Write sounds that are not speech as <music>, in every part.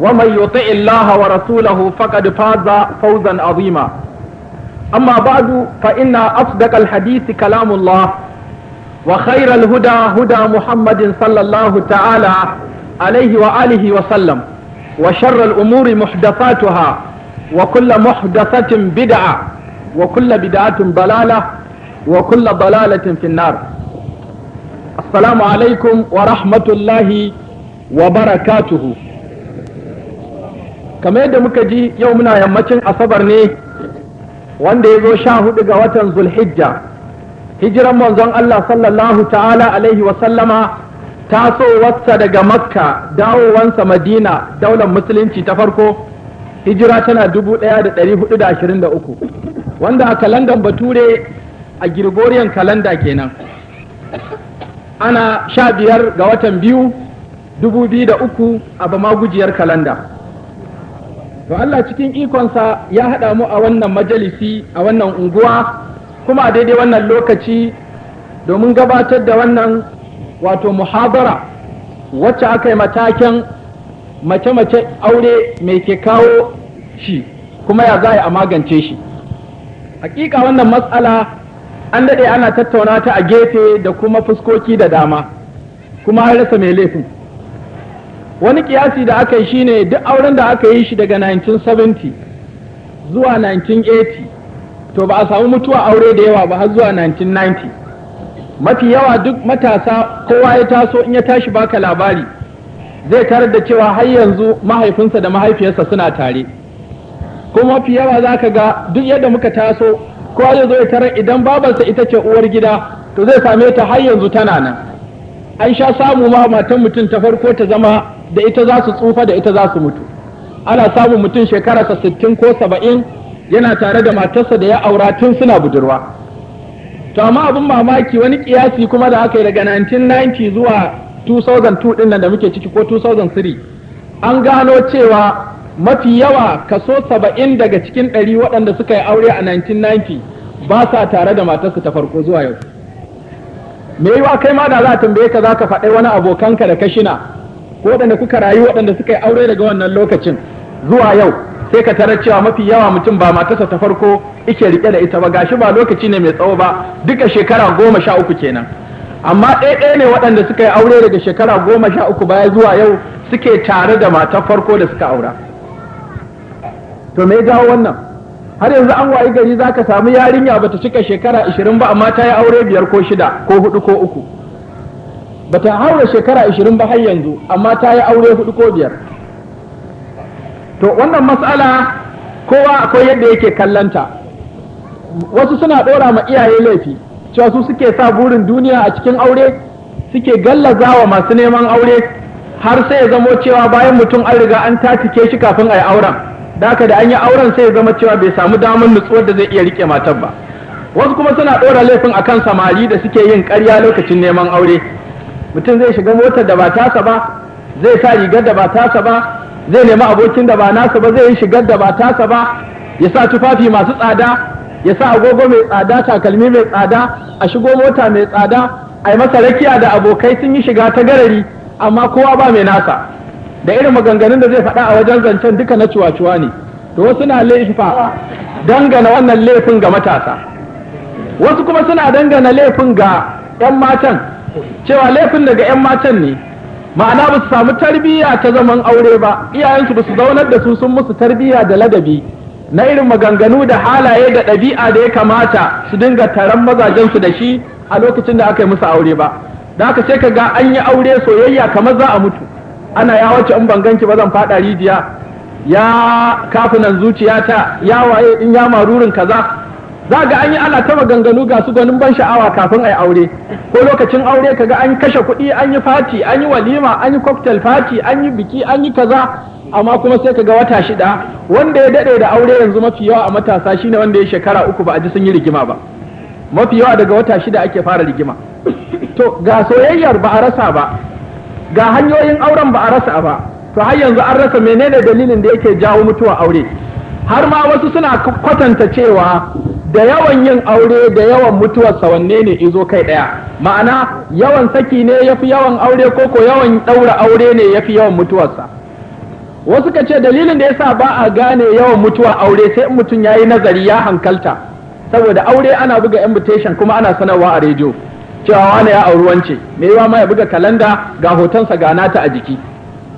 ومن يطع الله ورسوله فقد فاز فوزا عظيما أما بعد فإن أصدق الحديث كلام الله وخير الهدى هدى محمد صلى الله تعالى عليه وآله وسلم وشر الأمور محدثاتها وكل محدثة بدعة وكل بدعة ضلالة وكل ضلالة في النار السلام عليكم ورحمة الله وبركاته kamar yadda muka ji yau muna yammacin asabar ne wanda ya zo sha hudu ga watan zulhijja hijiran manzon Allah sallallahu ta'ala alaihi wasallama tasowarsa daga makka dawowansa madina daular musulunci ta farko hijira tana da 1423 wanda a kalandan bature a girgoriyan kalanda kenan ana sha biyar ga watan biyu dubu biyu da uku a bamagujiyar kalanda to Allah cikin ikonsa ya haɗa mu a wannan majalisi a wannan unguwa kuma a daidai wannan lokaci domin gabatar da wannan wato muhabara wacce aka yi mataken mace-mace aure mai ke kawo shi kuma ya za a magance shi hakika wannan matsala an daɗe ana tattauna ta a gefe da kuma fuskoki da dama kuma an rasa mai laifin wani kiyasi da aka yi shine duk auren da aka yi shi daga 1970 zuwa 1980 to ba a samu mutuwa aure da yawa ba har zuwa 1990 mafi yawa duk matasa kowa ya taso in ya tashi baka labari zai tarar da cewa har yanzu mahaifinsa da mahaifiyarsa suna tare kuma mafi yawa za ka ga duk yadda muka taso kowa zai zo ya tarar idan babarsa ita ce uwar gida to zai same ta har yanzu tana nan an sha samu ma matan mutum ta farko ta zama da ita za su tsufa da ita za su mutu ana samun mutum shekararsa sittin ko saba'in yana tare da matarsa da ya aura tun suna budurwa to amma abin mamaki wani kiyasi kuma da aka yi daga 1990 zuwa 2002 din nan da muke ciki ko 2003 an gano cewa mafi yawa kaso saba'in daga cikin ɗari waɗanda suka yi aure a 1990 ba sa tare da matarsa ta farko zuwa yau me yiwa kai ma da za a tambaye ka za ka faɗi wani abokanka da ka shina ko waɗanda kuka rayu waɗanda suka yi aure daga wannan lokacin zuwa yau sai ka tarar cewa mafi yawa mutum ba matarsa ta farko ike rike da ita ba gashi ba lokaci ne mai tsawo ba duka shekara goma sha uku kenan amma ɗaya ɗaya ne waɗanda suka yi aure daga shekara goma sha uku baya zuwa yau suke tare da matar farko da suka aura to me jawo wannan har yanzu an wayi gari zaka samu yarinya bata cika shekara ashirin ba amma ta yi aure biyar ko shida ko hudu ko uku ba ta haura shekara 20 ba har yanzu amma ta yi aure hudu ko biyar to wannan matsala kowa akwai yadda yake kallanta wasu suna dora ma iyaye laifi cewa su suke sa burin duniya a cikin aure suke gallaza wa masu neman aure har sai ya zamo cewa bayan mutum an riga an tatike shi kafin a yi auren da haka da an yi auren sai ya zama cewa bai samu damar nutsuwar da zai iya rike matar ba wasu kuma suna ɗora laifin akan samari da suke yin ƙarya lokacin neman aure mutum zai shiga motar da ba tasa ba zai sa rigar da ba tasa ba zai nemi abokin da ba nasa ba zai yi shigar da ba tasa ba ya sa tufafi masu tsada ya sa agogo mai tsada takalmi mai tsada a shigo mota mai tsada a yi masa rakiya da abokai sun yi shiga ta garari amma kowa ba mai nasa da irin maganganun da zai faɗa a wajen zancen duka na cuwa-cuwa ne to wasu na laifa dangana wannan laifin ga matasa wasu kuma suna dangana laifin ga 'yan matan cewa laifin daga 'yan matan ne ma'ana ba su samu tarbiyya ta zaman aure ba iyayensu ba su zaunar da su sun musu tarbiyya da ladabi na irin maganganu da halaye da ɗabi'a da ya kamata su dinga taron mazajensu da shi a lokacin da aka yi musu aure ba da aka ce ka ga an yi aure soyayya kamar za a mutu ana ya wace in ban ki, ba zan faɗa rijiya ya kafinan zuciyata ya waye in ya marurin kaza za ga an yi ana ta maganganu ga su gwanin ban sha'awa kafin a yi aure ko lokacin aure ka ga an kashe kuɗi an yi fati an yi walima an yi cocktail fati an yi biki an yi kaza amma kuma sai ka ga wata shida wanda ya daɗe da aure yanzu mafi yawa a matasa shine wanda ya shekara uku ba a ji sun yi rigima ba mafi yawa daga wata shida ake fara rigima to ga soyayyar ba a rasa ba ga hanyoyin auren ba a rasa ba to har yanzu an rasa menene dalilin da yake jawo mutuwa aure har ma wasu suna kwatanta cewa da yawan yin aure da yawan mutuwarsa wanne ne izo kai ɗaya ma'ana yawan saki ne yafi yawan aure ko ko yawan ɗaura aure ne yafi yawan mutuwarsa wasu ka ce dalilin da yasa ba a gane yawan mutuwa aure sai in mutum ya yi nazari ya hankalta saboda aure ana buga invitation kuma ana sanarwa a rediyo cewa wane ya auri wance me yawa ma ya buga kalanda ga hotonsa ga nata a jiki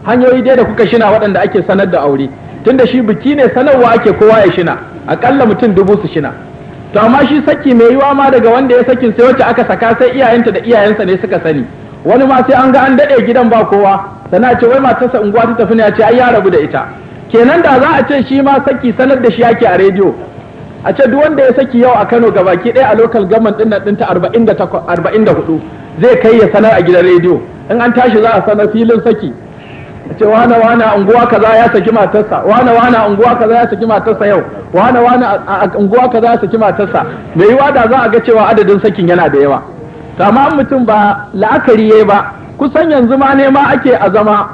hanyoyi dai da kuka shina waɗanda ake sanar da aure tunda shi biki ne sanarwa ake kowa ya shina akalla mutum dubu su shina to amma shi saki mai yiwa ma daga wanda ya sakin sai wacce aka saka sai iyayenta da iyayensa ne suka sani wani ma sai an ga an dade gidan ba kowa sana ce wai matarsa unguwa ta tafi ne ya ce ai ya rabu da ita kenan da za a ce shi ma saki sanar da shi yake a rediyo a ce duk wanda ya saki yau a Kano ga baki ɗaya a local government na nan ta 44 zai kai ya sanar a gidan rediyo in an tashi za a sanar filin saki ce wane wane unguwa kaza ya saki matarsa wane wane unguwa kaza ya saki matarsa yau wane wane unguwa kaza ya saki matarsa mai yiwa da za a ga cewa adadin sakin yana da yawa to amma mutum ba la'akari yayi ba kusan yanzu ma ne ma ake a zama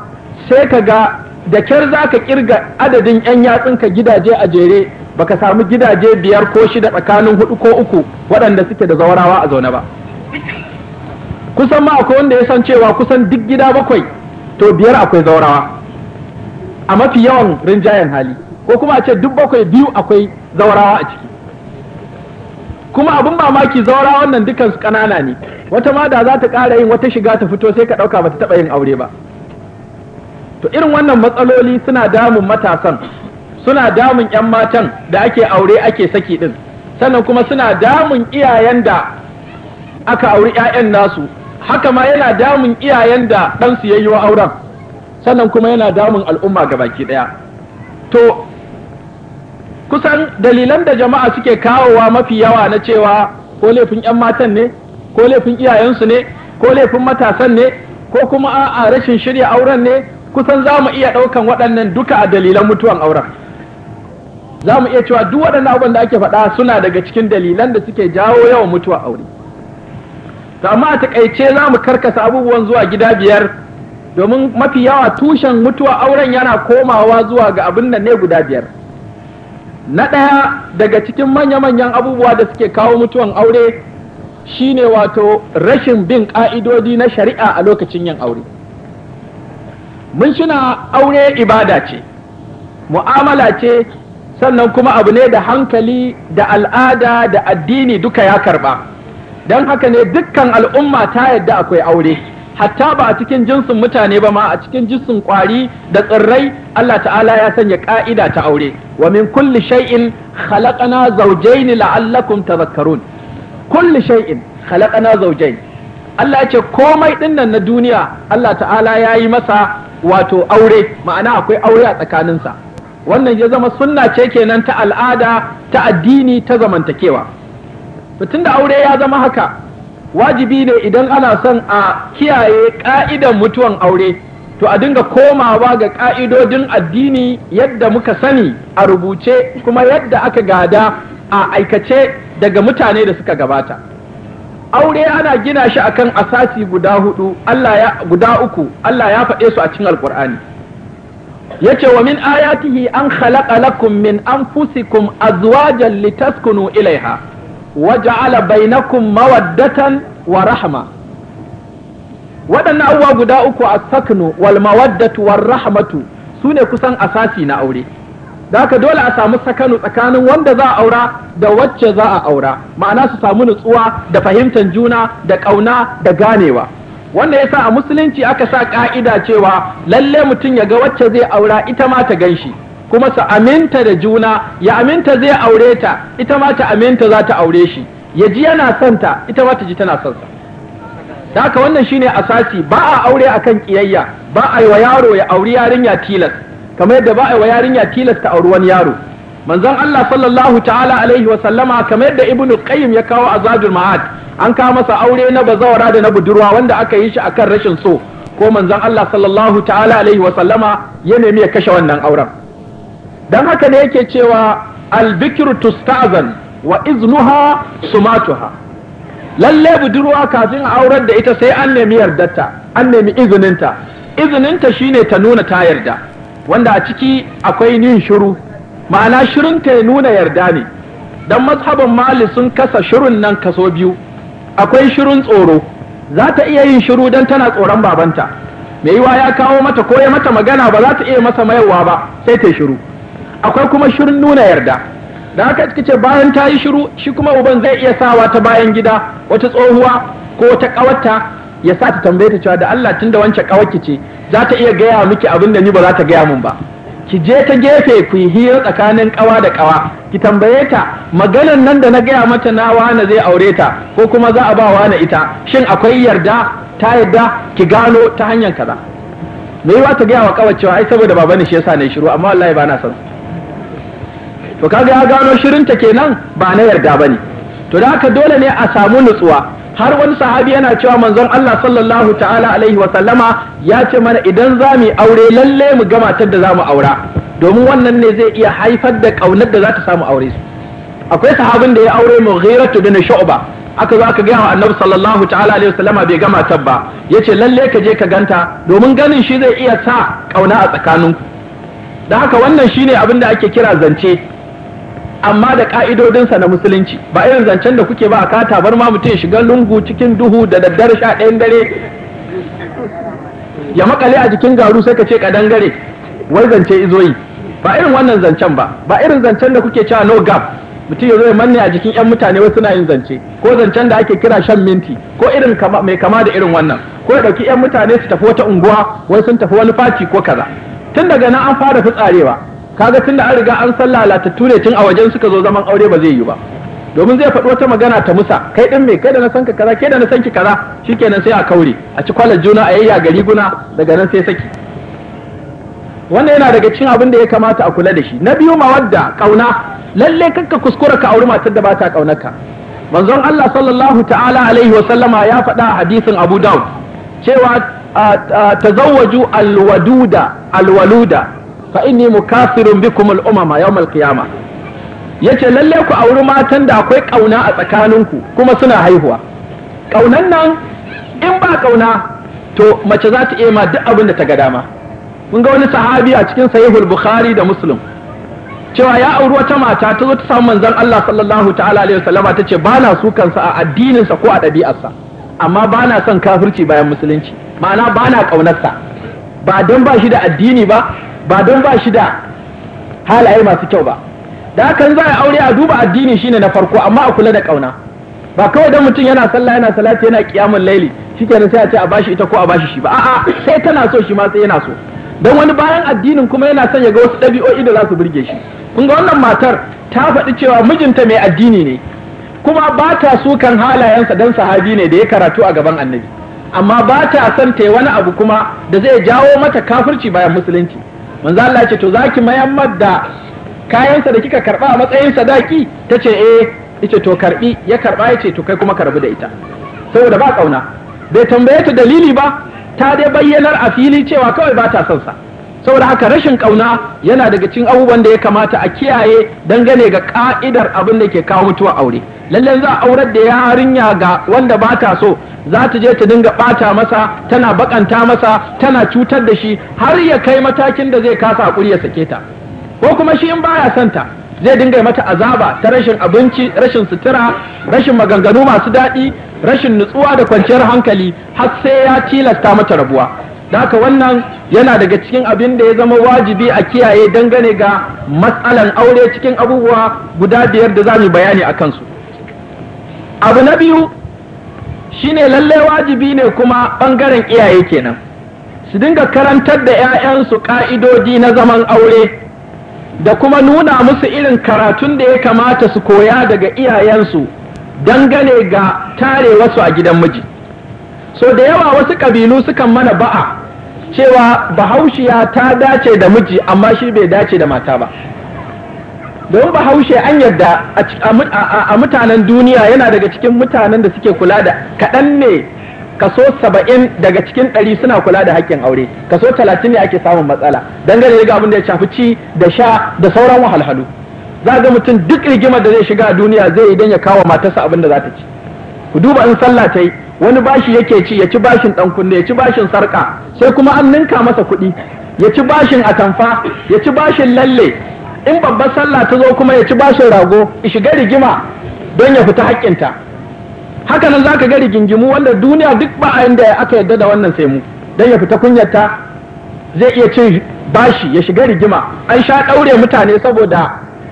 sai ka ga da kyar za ka kirga adadin yan yatsunka gidaje a jere baka samu gidaje biyar ko shida tsakanin hudu ko uku waɗanda suke da zawarawa a zaune ba kusan ma akwai wanda ya san cewa kusan duk gida bakwai to biyar akwai zaurawa a mafi yawan rinjayen hali ko kuma a ce duk bakwai biyu akwai zaurawa a ciki kuma abin mamaki zaurawa wannan dukan su ƙanana ne wata ma da za ta ƙara yin wata shiga ta fito sai ka ɗauka ba ta taɓa yin aure ba to irin wannan matsaloli suna damun matasan suna damun 'yan matan da ake aure ake saki din sannan kuma suna damun iyayen da aka auri 'ya'yan nasu haka ma yana damun iyayen da ɗansu ya yi auren sannan kuma yana damun al'umma ga baki ɗaya to kusan dalilan da jama'a suke kawowa mafi yawa na cewa ko laifin 'yan matan ne ko laifin iyayensu ne ko laifin matasan ne ko kuma a rashin shirya auren ne kusan za mu iya ɗaukan waɗannan duka a dalilan mutuwan auren za mu iya cewa duk waɗannan abin da ake faɗa suna daga cikin dalilan da suke jawo yawan mutuwa aure to amma a takaice za mu karkasa abubuwan zuwa gida biyar domin mafi yawa tushen mutuwa auren yana komawa zuwa ga abin da ne guda biyar na ɗaya daga cikin manya-manyan abubuwa da suke kawo mutuwan aure shine wato rashin bin ƙa'idodi na shari'a a lokacin yin aure mun shina aure ibada ce mu'amala ce sannan kuma abu ne da hankali da al'ada da addini duka ya karɓa. don haka ne dukkan al'umma ta yadda akwai aure hatta ba a cikin jinsin mutane ba ma a cikin jinsin kwari da tsirrai Allah ta'ala ya sanya ƙa'ida ta aure wa min kulli shay'in khalaqana zawjayn la'allakum tadhakkarun kulli shay'in khalaqana zawjayn Allah ya ce komai ɗinnan na duniya Allah ta'ala ya yi masa wato aure ma'ana akwai aure a tsakaninsa wannan ya zama sunna ce kenan ta al'ada ta addini ta zamantakewa mutum da aure ya zama haka wajibi ne idan ana son a kiyaye ka'idan mutuwan aure to a dinga komawa ga ka'idodin addini yadda muka sani a rubuce kuma yadda aka gada a aikace daga mutane da suka gabata aure ana gina shi akan asasi guda hudu Allah ya guda uku Allah ya faɗe su a cikin alkur'ani yace wa min ayatihi an khalaqa lakum min anfusikum azwajan litaskunu ilaiha waja'ala bainakum mawaddatan wa rahma waɗannan abubuwa guda uku a saknu wal mawaddatu war rahmatu sune ne kusan asasi na aure da haka dole a samu sakanu tsakanin wanda za a aura da wacce za a aura ma'ana su samu nutsuwa da fahimtar juna da ƙauna da ganewa wanda yasa a musulunci aka sa ƙa'ida cewa lalle mutum ya ga wacce zai aura ita ma ta ganshi kuma su aminta da juna ya aminta zai aure ta ita ma ta aminta za ta aure shi ya ji yana son ta ita ma ta ji tana son sa haka wannan shine asasi ba a aure akan kiyayya ba a yi wa yaro ya auri yarinya tilas kamar yadda ba a yi wa yarinya tilas ta auri wani yaro manzon Allah sallallahu ta'ala alaihi wa sallama kamar yadda ibnu qayyim ya kawo azadul ma'ad an kawo masa aure na bazawara da na budurwa wanda aka yi shi akan rashin so ko manzon Allah sallallahu ta'ala alaihi wa sallama ya nemi ya kashe wannan auren dan haka ne yake cewa albikir tustazan wa iznuha sumatuha lalle budurwa kafin aurar da ita sai an nemi yardarta an nemi izininta izininta shine ta nuna ta yarda wanda a ciki akwai yin shiru ma'ana shirin ta nuna yarda ne don mazhabin mali sun kasa shirin nan kaso biyu akwai shirin tsoro za ta iya yin shiru dan tana tsoron babanta mai yiwa ya kawo mata ko ya mata magana ba za ta iya masa mayarwa ba sai ta shiru akwai kuma shirin nuna yarda da haka ce bayan ta yi shiru shi kuma uban zai iya sawa ta bayan gida wata tsohuwa ko wata kawarta ya sa ta tambaye ta cewa da Allah tunda wancan kawarki ce za ta iya gaya miki abin da ni ba za ta gaya min ba ki je ta gefe ku yi hira tsakanin kawa da kawa ki tambaye ta maganan nan da na gaya mata na wani zai aure ta ko kuma za a ba wani ita shin akwai yarda ta yarda ki gano ta hanyar kaza me yiwa ta gaya wa kawar cewa ai saboda baba ne shi yasa ne shiru amma wallahi ba na san to kaga ya gano shirinta kenan ba na yarda bane to da haka dole ne a samu nutsuwa har wani sahabi yana cewa manzon Allah sallallahu ta'ala alaihi wa sallama ya ce mana idan za mu aure lalle mu gamatar da za mu aura domin wannan ne zai iya haifar da kaunar da za ta samu aure su akwai sahabin da ya aure ghairatu bin Shu'ba aka zo aka gaya wa Annabi sallallahu ta'ala alaihi wa sallama bai gama ba yace lalle ka je ka ganta domin ganin shi zai iya sa kauna a tsakaninku da haka wannan shine abin da ake kira zance amma da ka'idodinsa na musulunci ba irin zancen da kuke ba a kata bar ma mutum shiga lungu cikin duhu da daddare sha ɗayan dare ya makale a jikin garu sai ka ce kadangare wai zance izoyi ba irin wannan zancen ba ba irin zancen da kuke cewa no gap mutum ya zo ya manne a jikin yan mutane wasu suna yin zance ko zancen da ake kira shan minti ko irin mai kama da irin wannan ko ya ɗauki yan mutane su tafi wata unguwa wai sun tafi wani faci ko kaza tun daga nan an fara fitsarewa kaga da an riga an san lalatattu ne tun a wajen suka zo zaman aure ba zai yi ba domin zai faɗi wata magana ta musa kai ɗin me kai da na san ka kaza kai da na san ki kaza shikenan sai a kaure a ci kwalar juna a yayya gari guna daga nan sai saki wannan yana daga cikin abin da ya kamata a kula da shi na biyu mawadda kauna lalle kanka kuskura ka auri matar da ba ta kaunarka manzon Allah sallallahu ta'ala alaihi wa sallama ya faɗa a hadisin Abu Dawud cewa ta tazawwaju alwaduda alwaluda fa inni mukafirun bikum al-umama yawm al-qiyama yace lalle ku auri matan da akwai kauna a tsakaninku kuma suna haihuwa kaunan nan in ba kauna to mace za ta iya ma duk abin da ta ga dama mun ga wani sahabi a cikin sahihul bukhari da muslim cewa ya auri wata mata ta zo ta samu manzon Allah sallallahu ta'ala alaihi wasallama ta ce ba na su kansa a addininsa ko a ɗabi'arsa amma bana son kafirci bayan musulunci ma'ana bana na ƙaunarsa ba don ba shi da addini ba ba don ba shi da halaye masu kyau ba da haka za a aure a duba addini shine na farko amma a kula da kauna ba kawai dan mutum yana sallah yana salati yana kiyamul laili shikenan sai a ce a bashi ita ko a bashi shi ba a'a sai tana so shi ma sai yana so dan wani bayan addinin kuma yana son ya ga wasu ɗabi'o'i da za su burge shi kun ga wannan matar ta faɗi cewa mijinta mai addini ne kuma ba ta kan halayensa dan sahabi ne da ya karatu a gaban annabi amma ba ta son ta yi wani abu kuma da zai jawo mata kafirci bayan musulunci manzo Allah ce to zaki mayammar da kayansa da kika karɓa a matsayin sadaki tace eh yace to karbi ya karba yace to kai kuma karbi da ita saboda ba kauna bai tambaye ta dalili ba ta dai bayyanar a fili cewa kawai ba ta son sa saboda haka rashin ƙauna yana daga cikin abubuwan da ya kamata a kiyaye dangane ga ƙa'idar abin da ke kawo mutuwa aure lallai za a aurar da yarinya ga wanda ba ta so za ta je ta dinga bata masa tana bakanta masa tana cutar da shi har ya kai matakin da zai kasa hakuri ya sake ta ko kuma shi in baya son ta zai dinga mata azaba ta rashin abinci rashin sutura rashin maganganu masu daɗi rashin nutsuwa da kwanciyar hankali har sai ya tilasta mata rabuwa haka wannan yana daga cikin abin da ya zama wajibi a kiyaye dangane ga matsalan aure cikin abubuwa guda biyar da za mu bayani a kansu abu na biyu shine lallai wajibi ne kuma ɓangaren iyaye kenan su dinga karantar da 'ya'yansu ƙa'idodi na zaman aure da kuma nuna musu irin karatun da ya kamata su koya daga iyayensu dangane ga tare wasu a gidan miji so da yawa wasu ƙabilu sukan mana ba'a cewa bahaushiya ta dace da miji amma shi bai dace da mata ba don bahaushe an yadda a mutanen duniya yana daga cikin mutanen da suke kula da kaɗan ne kaso saba'in daga cikin ɗari suna kula da haƙƙin aure kaso talatin ne ake samun matsala dangane da abin da ya shafi ci da sha da sauran wahalhalu za ga mutum duk rigimar da zai shiga duniya zai yi don ya kawo matarsa abin da za ta ci ku duba in sallah ta yi wani bashi yake ci ya ci bashin dan kunne ya ci bashin sarka sai kuma an ninka masa kuɗi ya ci bashin atamfa ya ci bashin lalle in babbar sallah ta zo kuma ya ci bashin rago shiga rigima don ya fita haƙƙinta haka nan zaka ga rigingimu wanda duniya duk ba a da aka yarda da wannan sai mu don ya fita kunyarta zai iya cin bashi ya shiga rigima an sha ɗaure mutane saboda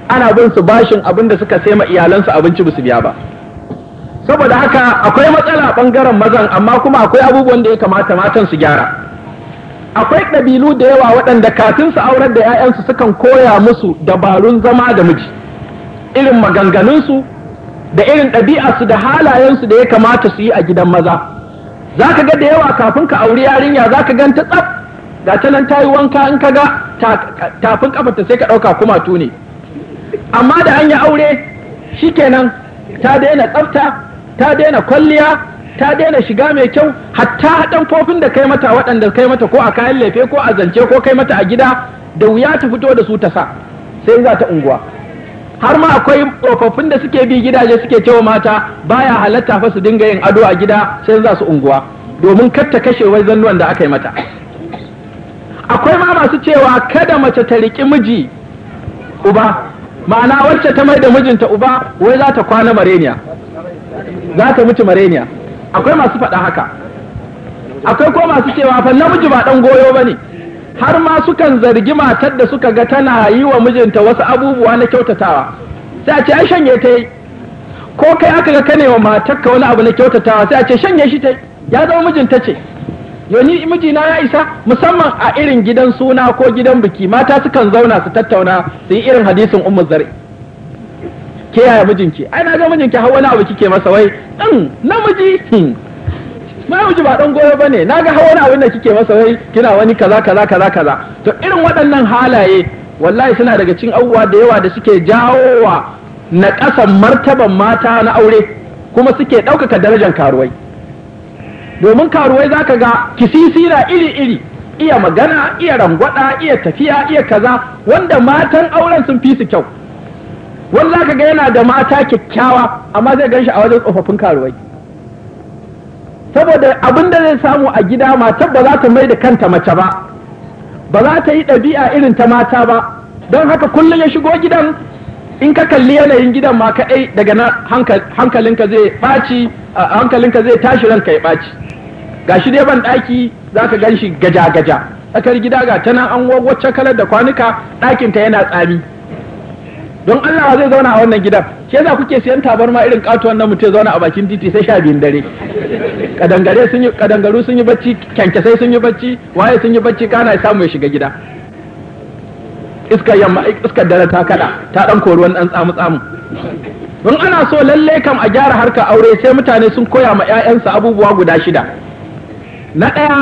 ana bin su bashin abin da suka sai ma iyalansu abinci bisu biya ba saboda haka akwai matsala bangaren mazan amma kuma akwai abubuwan da ya kamata matan su gyara akwai ɗabilu da yawa waɗanda kafin su aurar da 'ya'yansu sukan koya musu dabarun zama da miji irin maganganunsu da irin ɗabi'arsu da halayensu da ya kamata su yi a gidan maza za ka ga da yawa kafin ka auri yarinya za ka ganta tsaf ga ta nan ta wanka in ka ga tafin kafarta sai ka ɗauka kuma tuni amma da an yi aure shikenan ta daina tsafta ta daina kwalliya ta daina shiga mai kyau hatta haɗan fofin da kai mata waɗanda kai mata ko a kayan lefe ko a zance ko kai mata a gida da wuya ta fito da su ta sa sai za ta unguwa har ma akwai tsofaffin da suke bi gidaje suke cewa mata baya halatta fa su dinga yin ado a gida sai za su unguwa domin kar ta kashe wai zannuwan da aka yi mata akwai ma masu cewa kada mace ta riƙi miji uba ma'ana wacce ta mai da mijinta uba wai za ta kwana mareniya za ka mutu mareniya akwai masu faɗa haka akwai ko masu cewa fa namiji ba ɗan goyo ba ne har ma sukan zargi matar da suka ga tana yi wa mijinta wasu abubuwa na kyautatawa sai a ce ai shanye ta yi ko kai aka ga kane wa matarka wani abu na kyautatawa sai a ce shanye shi ta yi. ya zama mijinta ce yoni mijina ya isa musamman a irin gidan suna ko gidan biki mata sukan zauna su tattauna su yi irin hadisin ummu zari ke yaya mijinki ai na ga mijinki har wani abu kike masa wai din mm, namiji hmm. namiji ba dan goyo bane na ga har wani abu ne kike masa wai kina wani kaza kaza kaza kaza to irin waɗannan halaye wallahi suna daga cikin abubuwa da yawa da suke jawo wa na ƙasan martaban mata na aure kuma suke ɗaukaka darajar karuwai domin karuwai za ka ga kisisira iri-iri iya magana iya rangwada iya tafiya iya kaza wanda matan auren sun fi su kyau wanda ka ga yana da mata kyakkyawa amma zai gan shi a wajen tsofaffin karuwai saboda abin da zai samu a gida matar ba za ta mai da kanta mace ba ba za ta yi ɗabi'a irin ta mata ba don haka kullum ya shigo gidan in ka kalli yanayin gidan ma kaɗai daga na hankalinka zai ɓaci hankalinka zai tashi ranka ya ɓaci ga shi dai ban ɗaki za ka gan shi gaja-gaja tsakar gida ga tana nan an wacce kalar da kwanuka ɗakinta yana tsami don Allah zai zauna a wannan gidan ke za kuke siyan tabarma irin katuwan na mutum zauna a bakin titi sai sha biyun dare kadangare sun yi kadangaru sun yi bacci kyankyasai sun yi bacci waye sun yi bacci kana samu ya shiga gida iskar yamma iskar dare ta kada ta dan koruwan dan tsamu tsamu don ana so lalle kam a gyara harka aure sai mutane sun koya ma 'ya'yansa abubuwa guda shida na ɗaya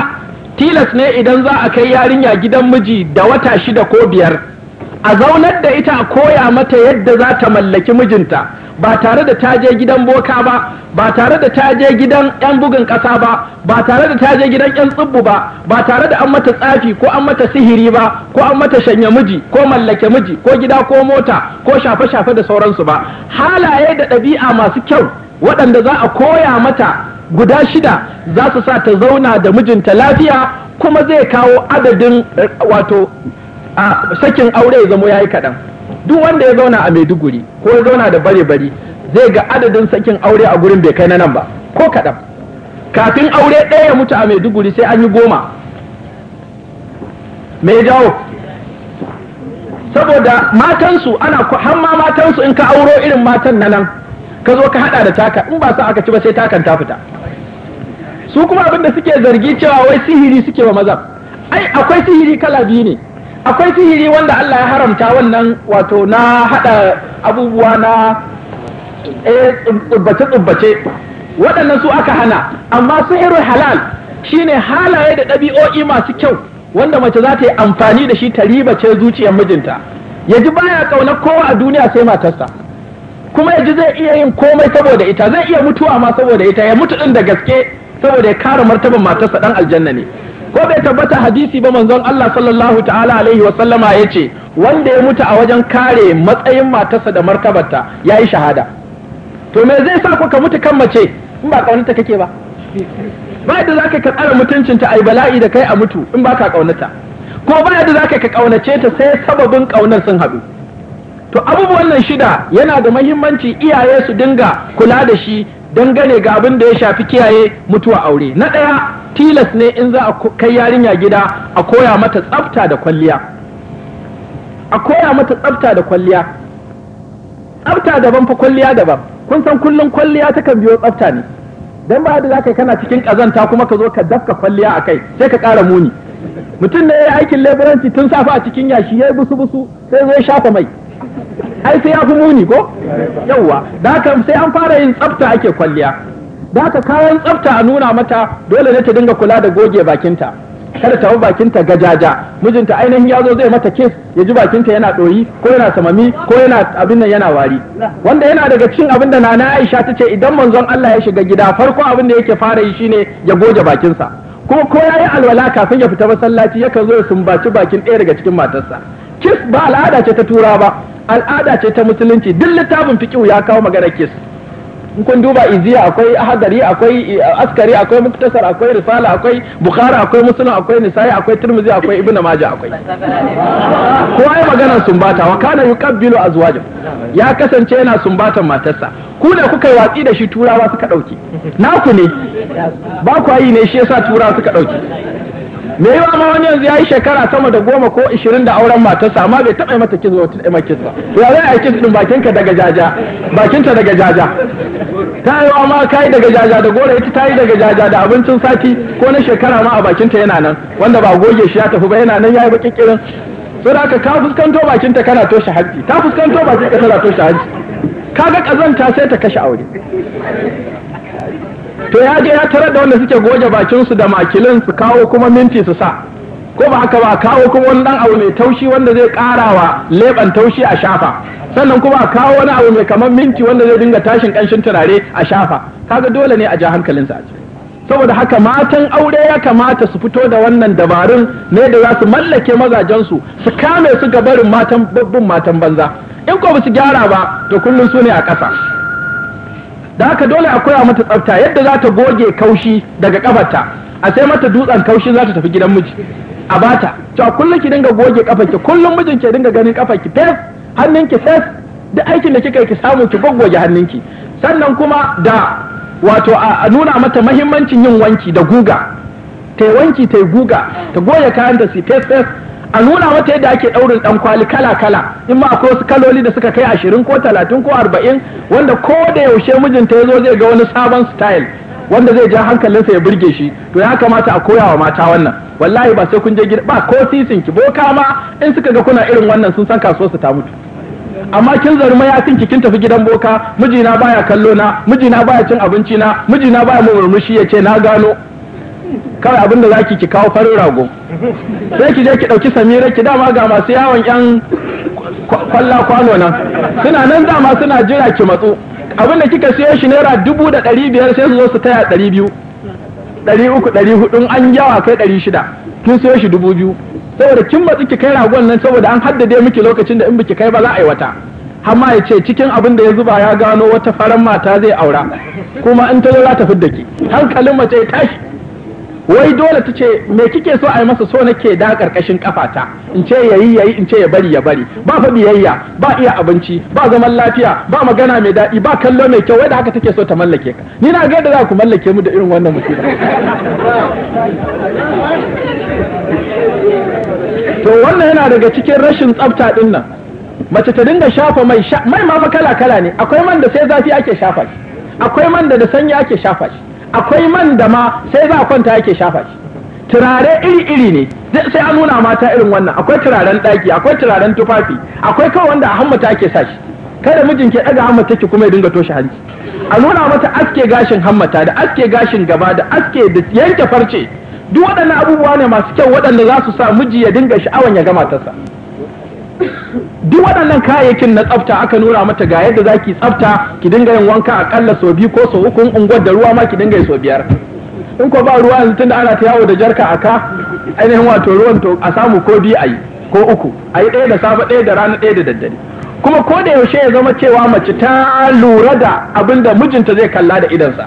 tilas ne idan za a kai yarinya gidan miji da wata shida ko biyar a zaunar da ita a koya mata yadda za ta mallaki mijinta ba tare da ta je gidan boka ba ba tare da ta je gidan yan bugun ƙasa ba ba tare da ta je gidan yan tsibbu ba ba tare da an mata tsafi ko an mata sihiri ba ko an mata shanye miji ko mallake miji ko gida ko mota ko shafe-shafe da sauransu ba halaye da ɗabi'a masu kyau waɗanda za a koya mata guda shida za su sa ta zauna da mijinta lafiya kuma zai kawo adadin eh, wato a sakin aure ya zamo ya yi kaɗan duk wanda ya zauna a maiduguri ko ya zauna da bare bari zai ga adadin sakin aure a gurin bai kai na nan ba ko kaɗan kafin aure ɗaya ya mutu a maiduguri sai an yi goma me jawo saboda matansu ana har ma matansu in ka auro irin matan na nan ka zo ka haɗa da taka in ba sa aka ci ba sai takan ta fita su kuma abin da suke zargi cewa wai sihiri suke wa mazan, ai akwai sihiri kala biyu ne akwai sihiri wanda Allah ya haramta wannan wato na hada abubuwa na eh, tsubbace-tsubbace waɗannan su aka hana amma sihirin halal shine halaye da ɗabi'o'i masu kyau wanda mace za ta yi amfani da shi ta ribace zuciyar mijinta ya ji baya ƙaunar kowa a duniya sai matarsa kuma ya ji zai iya yin komai saboda ita zai iya mutuwa ma saboda ita ya mutu ɗin da gaske saboda ya kare martaban matarsa ɗan aljanna ne ko bai tabbata hadisi ba manzon Allah sallallahu ta'ala alaihi wa sallama yace wanda ya mutu a wajen kare matsayin matarsa da martabarta yayi shahada to me zai sa ka mutu kan mace in ba kaunta kake ba ba yadda zaka ka tsara mutuncinta ai bala'i da kai a mutu in ba ka ƙaunata, ko ba yadda zaka ka kaunace ta sai sababin ƙaunar sun haɗu to abubuwan nan shida yana da mahimmanci iyaye su dinga kula da shi dangane ga abin da ya shafi kiyaye mutuwa aure na ɗaya tilas ne in za a kai yarinya gida a koya mata tsafta da kwalliya a koya mata tsafta da kwalliya tsafta daban fa kwalliya daban kun san kullum kwalliya takan biyo tsafta ne dan ba da zaka kana cikin kazanta kuma ka zo ka dafka kwalliya a kai sai ka ƙara muni mutum ne yayi aikin leburanci tun safa a cikin yashi yayi busu busu sai zo ya shafa mai ai sai ya fi muni ko yawwa da haka sai an fara yin tsafta ake kwalliya da haka kayan tsafta a nuna mata dole ne ta dinga kula da goge bakinta kada ta bakinta gajaja mijinta ainihin ya zo zai mata kes ya ji bakinta yana doyi ko yana samami ko yana abin nan yana wari wanda yana daga cikin abin da nana Aisha ta ce idan manzon Allah ya shiga gida farko abin da yake fara yi shine ya goge bakinsa ko ko ya yi alwala kafin ya fita masallaci yakan zo ya sumbaci bakin ɗaya daga cikin matarsa kis ba al'ada ce ta tura ba al'ada ce ta musulunci duk littafin fiqh ya kawo magana kis in kun duba iziya akwai hadari akwai eh, askari akwai muktasar akwai risala akwai bukhari akwai muslim akwai nisa'i akwai tirmidhi akwai ibnu maja akwai ko ai maganar sumbata wa kana yuqabbilu azwajah ya kasance yana sumbatan matarsa ku da kuka yi watsi da shi turawa suka dauke naku ne ba ku yi ne shi yasa turawa suka dauke me yawa ma wani yanzu ya yi shekara sama da goma ko ishirin da auren matarsa amma bai taɓa yi mata kizo wata ɗaya kiz to ya zai a kiz ɗin bakinka daga jaja bakinta daga jaja ta yi ma ka yi daga jaja da gora ita ta yi daga jaja da abincin sati ko na shekara ma a bakinta yana nan wanda ba goge shi ya tafi ba yana nan ya yi baƙin kirin so da ka fuskanto bakinta kana toshe hanci ta fuskanto bakinka kana toshe hanci kaga kazanta sai ta kashe aure to ya je ya tarar da wanda suke goge bakin su da makilin su kawo kuma minti su sa ko ba haka ba kawo kuma wani dan abu mai taushi wanda zai karawa leban taushi a shafa sannan kuma a kawo wani abu mai kamar minti wanda zai dinga tashin kanshin turare a shafa kaga dole ne a ja hankalinsa a saboda haka matan aure ya kamata su fito da wannan dabarun ne da za su mallake mazajensu su kame su ga barin matan babban matan banza in ko ba su gyara ba to kullum su ne a ƙasa da haka dole a koya mata tsafta yadda za ta goge kaushi daga kafarta a sai mata dutsen kaushi za ta tafi gidan miji a bata to a kullum ki dinga goge kafarki kullum mijin ki dinga ganin kafarki fes hannunki fes duk aikin da kika yi ki samu ki goggoge hannunki sannan kuma da wato a nuna mata mahimmancin yin wanki da guga ta wanki ta guga ta goge kayan ta si fes fes a nuna wata yadda ake ɗaurin ɗan kwali kala kala in ma akwai wasu kaloli da suka kai ashirin ko talatin ko arba'in wanda ko da yaushe mijinta ya zo zai ga wani sabon style wanda zai ja hankalinsa ya burge shi to ya kamata a koya wa mata wannan wallahi ba sai kun je gida ba ko sisin ki boka ma in suka ga kuna irin wannan sun san kasuwar su ta mutu amma kin zaruma ya ki kin tafi gidan boka mijina baya kallo na mijina baya cin abinci na mijina baya murmushi ya ce na gano kawai abin da zaki ki kawo farin rago sai ki je ki ɗauki samira ki dama ga masu yawon yan kwalla kwano nan suna nan dama suna jira ki matsu abin da kika siyo shi naira dubu da ɗari biyar sai su zo su taya ɗari biyu ɗari uku ɗari hudu an yawa kai ɗari shida kin siyo shi dubu biyu saboda kin matsu ki kai ragon nan saboda an haddade miki lokacin da in biki kai ba za a yi wata amma ya ce cikin abin da ya zuba ya gano wata faran mata zai aura kuma in ta zo za ta fidda ki hankalin mace ya tashi wai dole ta ce me kike so a yi masa so nake da karkashin kafata in ce yayi yayi in ce ya bari ya bari ba fa biyayya ba iya abinci ba zaman lafiya ba magana mai daɗi ba kallo mai kyau wai da haka take so ta mallake ka ni na ga da za ku mallake mu da irin wannan musiba to wannan yana daga cikin rashin tsafta din nan mace ta dinga shafa mai mai ma fa kala kala ne akwai man da sai zafi ake shafa shi akwai man da da sanyi ake shafa shi akwai man da ma sai za a kwanta yake shafa shi turare iri-iri ne sai an nuna mata irin wannan akwai turaren ɗaki akwai turaren tufafi akwai kawai wanda a hammata ake sa shi kada mijin ke ɗaga hammata ki kuma ya dinga toshe hanci a nuna mata aske gashin hammata da aske gashin gaba da aske da yanke farce duk waɗannan abubuwa ne masu kyau waɗanda za su sa miji ya dinga sha'awan ya ga matarsa duk waɗannan kayayyakin na tsafta aka nura mata ga yadda za ki tsafta ki dinga yin wanka akalla sau biyu ko sau uku unguwar da ruwa ma ki dinga yi sau biyar in ko ba ruwa yanzu tunda ana ta yawo da jarka a ka ainihin wato ruwan to a samu ko biyu a yi ko uku a yi ɗaya da safe ɗaya da rana ɗaya da daddare kuma ko da yaushe ya zama cewa mace ta lura da abin da mijinta zai kalla da idansa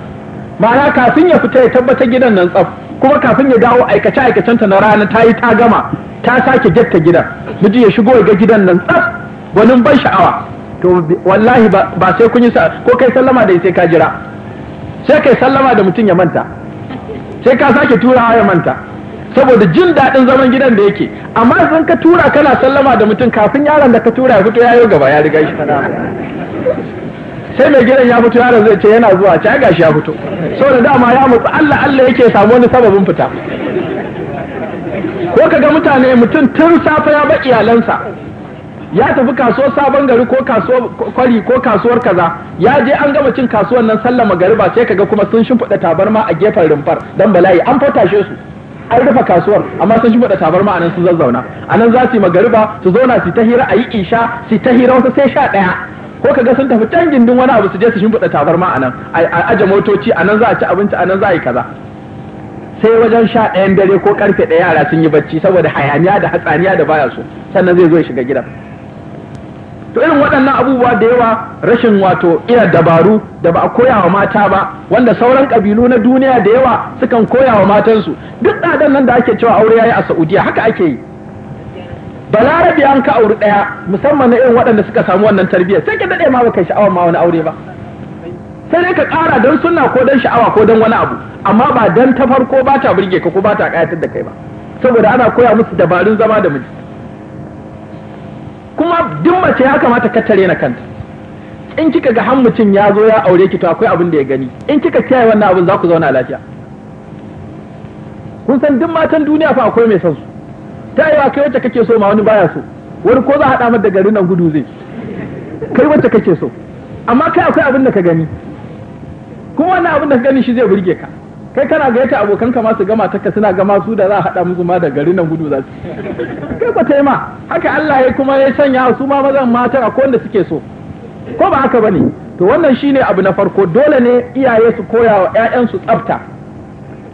ma'ana kafin ya fita ya tabbatar gidan nan tsaf kuma kafin ya dawo aikace aikacenta na rana ta yi ta gama ta sake jatta gidan miji ya shigo ga gidan nan tsaf gwanin ban sha'awa to wallahi ba sai kun yi sa ko kai sallama da sai ka jira sai kai sallama da mutum ya manta sai ka sake turawa ya manta saboda jin daɗin zaman gidan da yake amma sun ka tura kana sallama da mutum kafin yaron da ka tura ya fito ya yayo gaba ya riga shi sai mai gidan ya fito yaron zai ce yana zuwa ta gashi ya fito saboda dama ya mutu Allah Allah yake samu wani sababin fita ko ka ga mutane mutum tun safe ya ba iyalansa ya tafi kasuwar sabon gari ko kasuwar kwari ko kasuwar kaza ya je an gama cin kasuwar nan sallar magariba sai ka ga kuma sun shimfiɗa tabarma a gefen rumfar dan bala'i an fatashe su an rufe kasuwar amma sun shimfiɗa tabarma anan sun zazzauna anan za su yi magariba su zauna su ta hira a yi isha su ta hira wasu sai sha ɗaya ko kaga sun tafi can gindin wani abu su je su shimfiɗa tabarma anan a aje motoci anan za a ci abinci anan za a yi kaza sai wajen sha ɗayan dare ko karfe ɗaya yara sun yi bacci saboda hayaniya da hatsaniya da baya so sannan zai zo ya shiga gidan to irin waɗannan abubuwa da yawa rashin wato iya dabaru da ba a koya wa mata ba wanda sauran ƙabilu na duniya da yawa sukan koya wa matansu duk tsadan nan da ake cewa aure ya yi a Saudiya haka ake yi balarabe an ka auri ɗaya musamman na irin waɗanda suka samu wannan tarbiyyar sai ka daɗe ma baka sha'awar ma wani aure ba sai dai ka ƙara don sunna ko don sha'awa ko don wani abu amma ba don ta farko ba ta burge ka ko ba ta ƙayatar da kai ba saboda ana koya musu dabarun zama da miji kuma duk mace ya kamata ka tare na kanta in kika ga han mutum ya zo ya aure ki to akwai abin da ya gani in kika kiyaye wannan abin za ku zauna lafiya kun san duk matan duniya fa akwai mai son su ta yi kai wacce kake so ma wani baya so wani ko za a haɗa mata da garin nan gudu zai kai wacce kake so amma kai akwai abin da ka gani wani abin da ka gani shi zai burge ka kai kana yata abokan ka masu gama taka suna gama su da za a haɗa musu ma da garin nan gudu za su kai ba haka Allah ya kuma ya sanya su ma mazan mata a wanda suke so ko ba haka bane to wannan shine abu na farko dole ne iyaye su koya wa su tsafta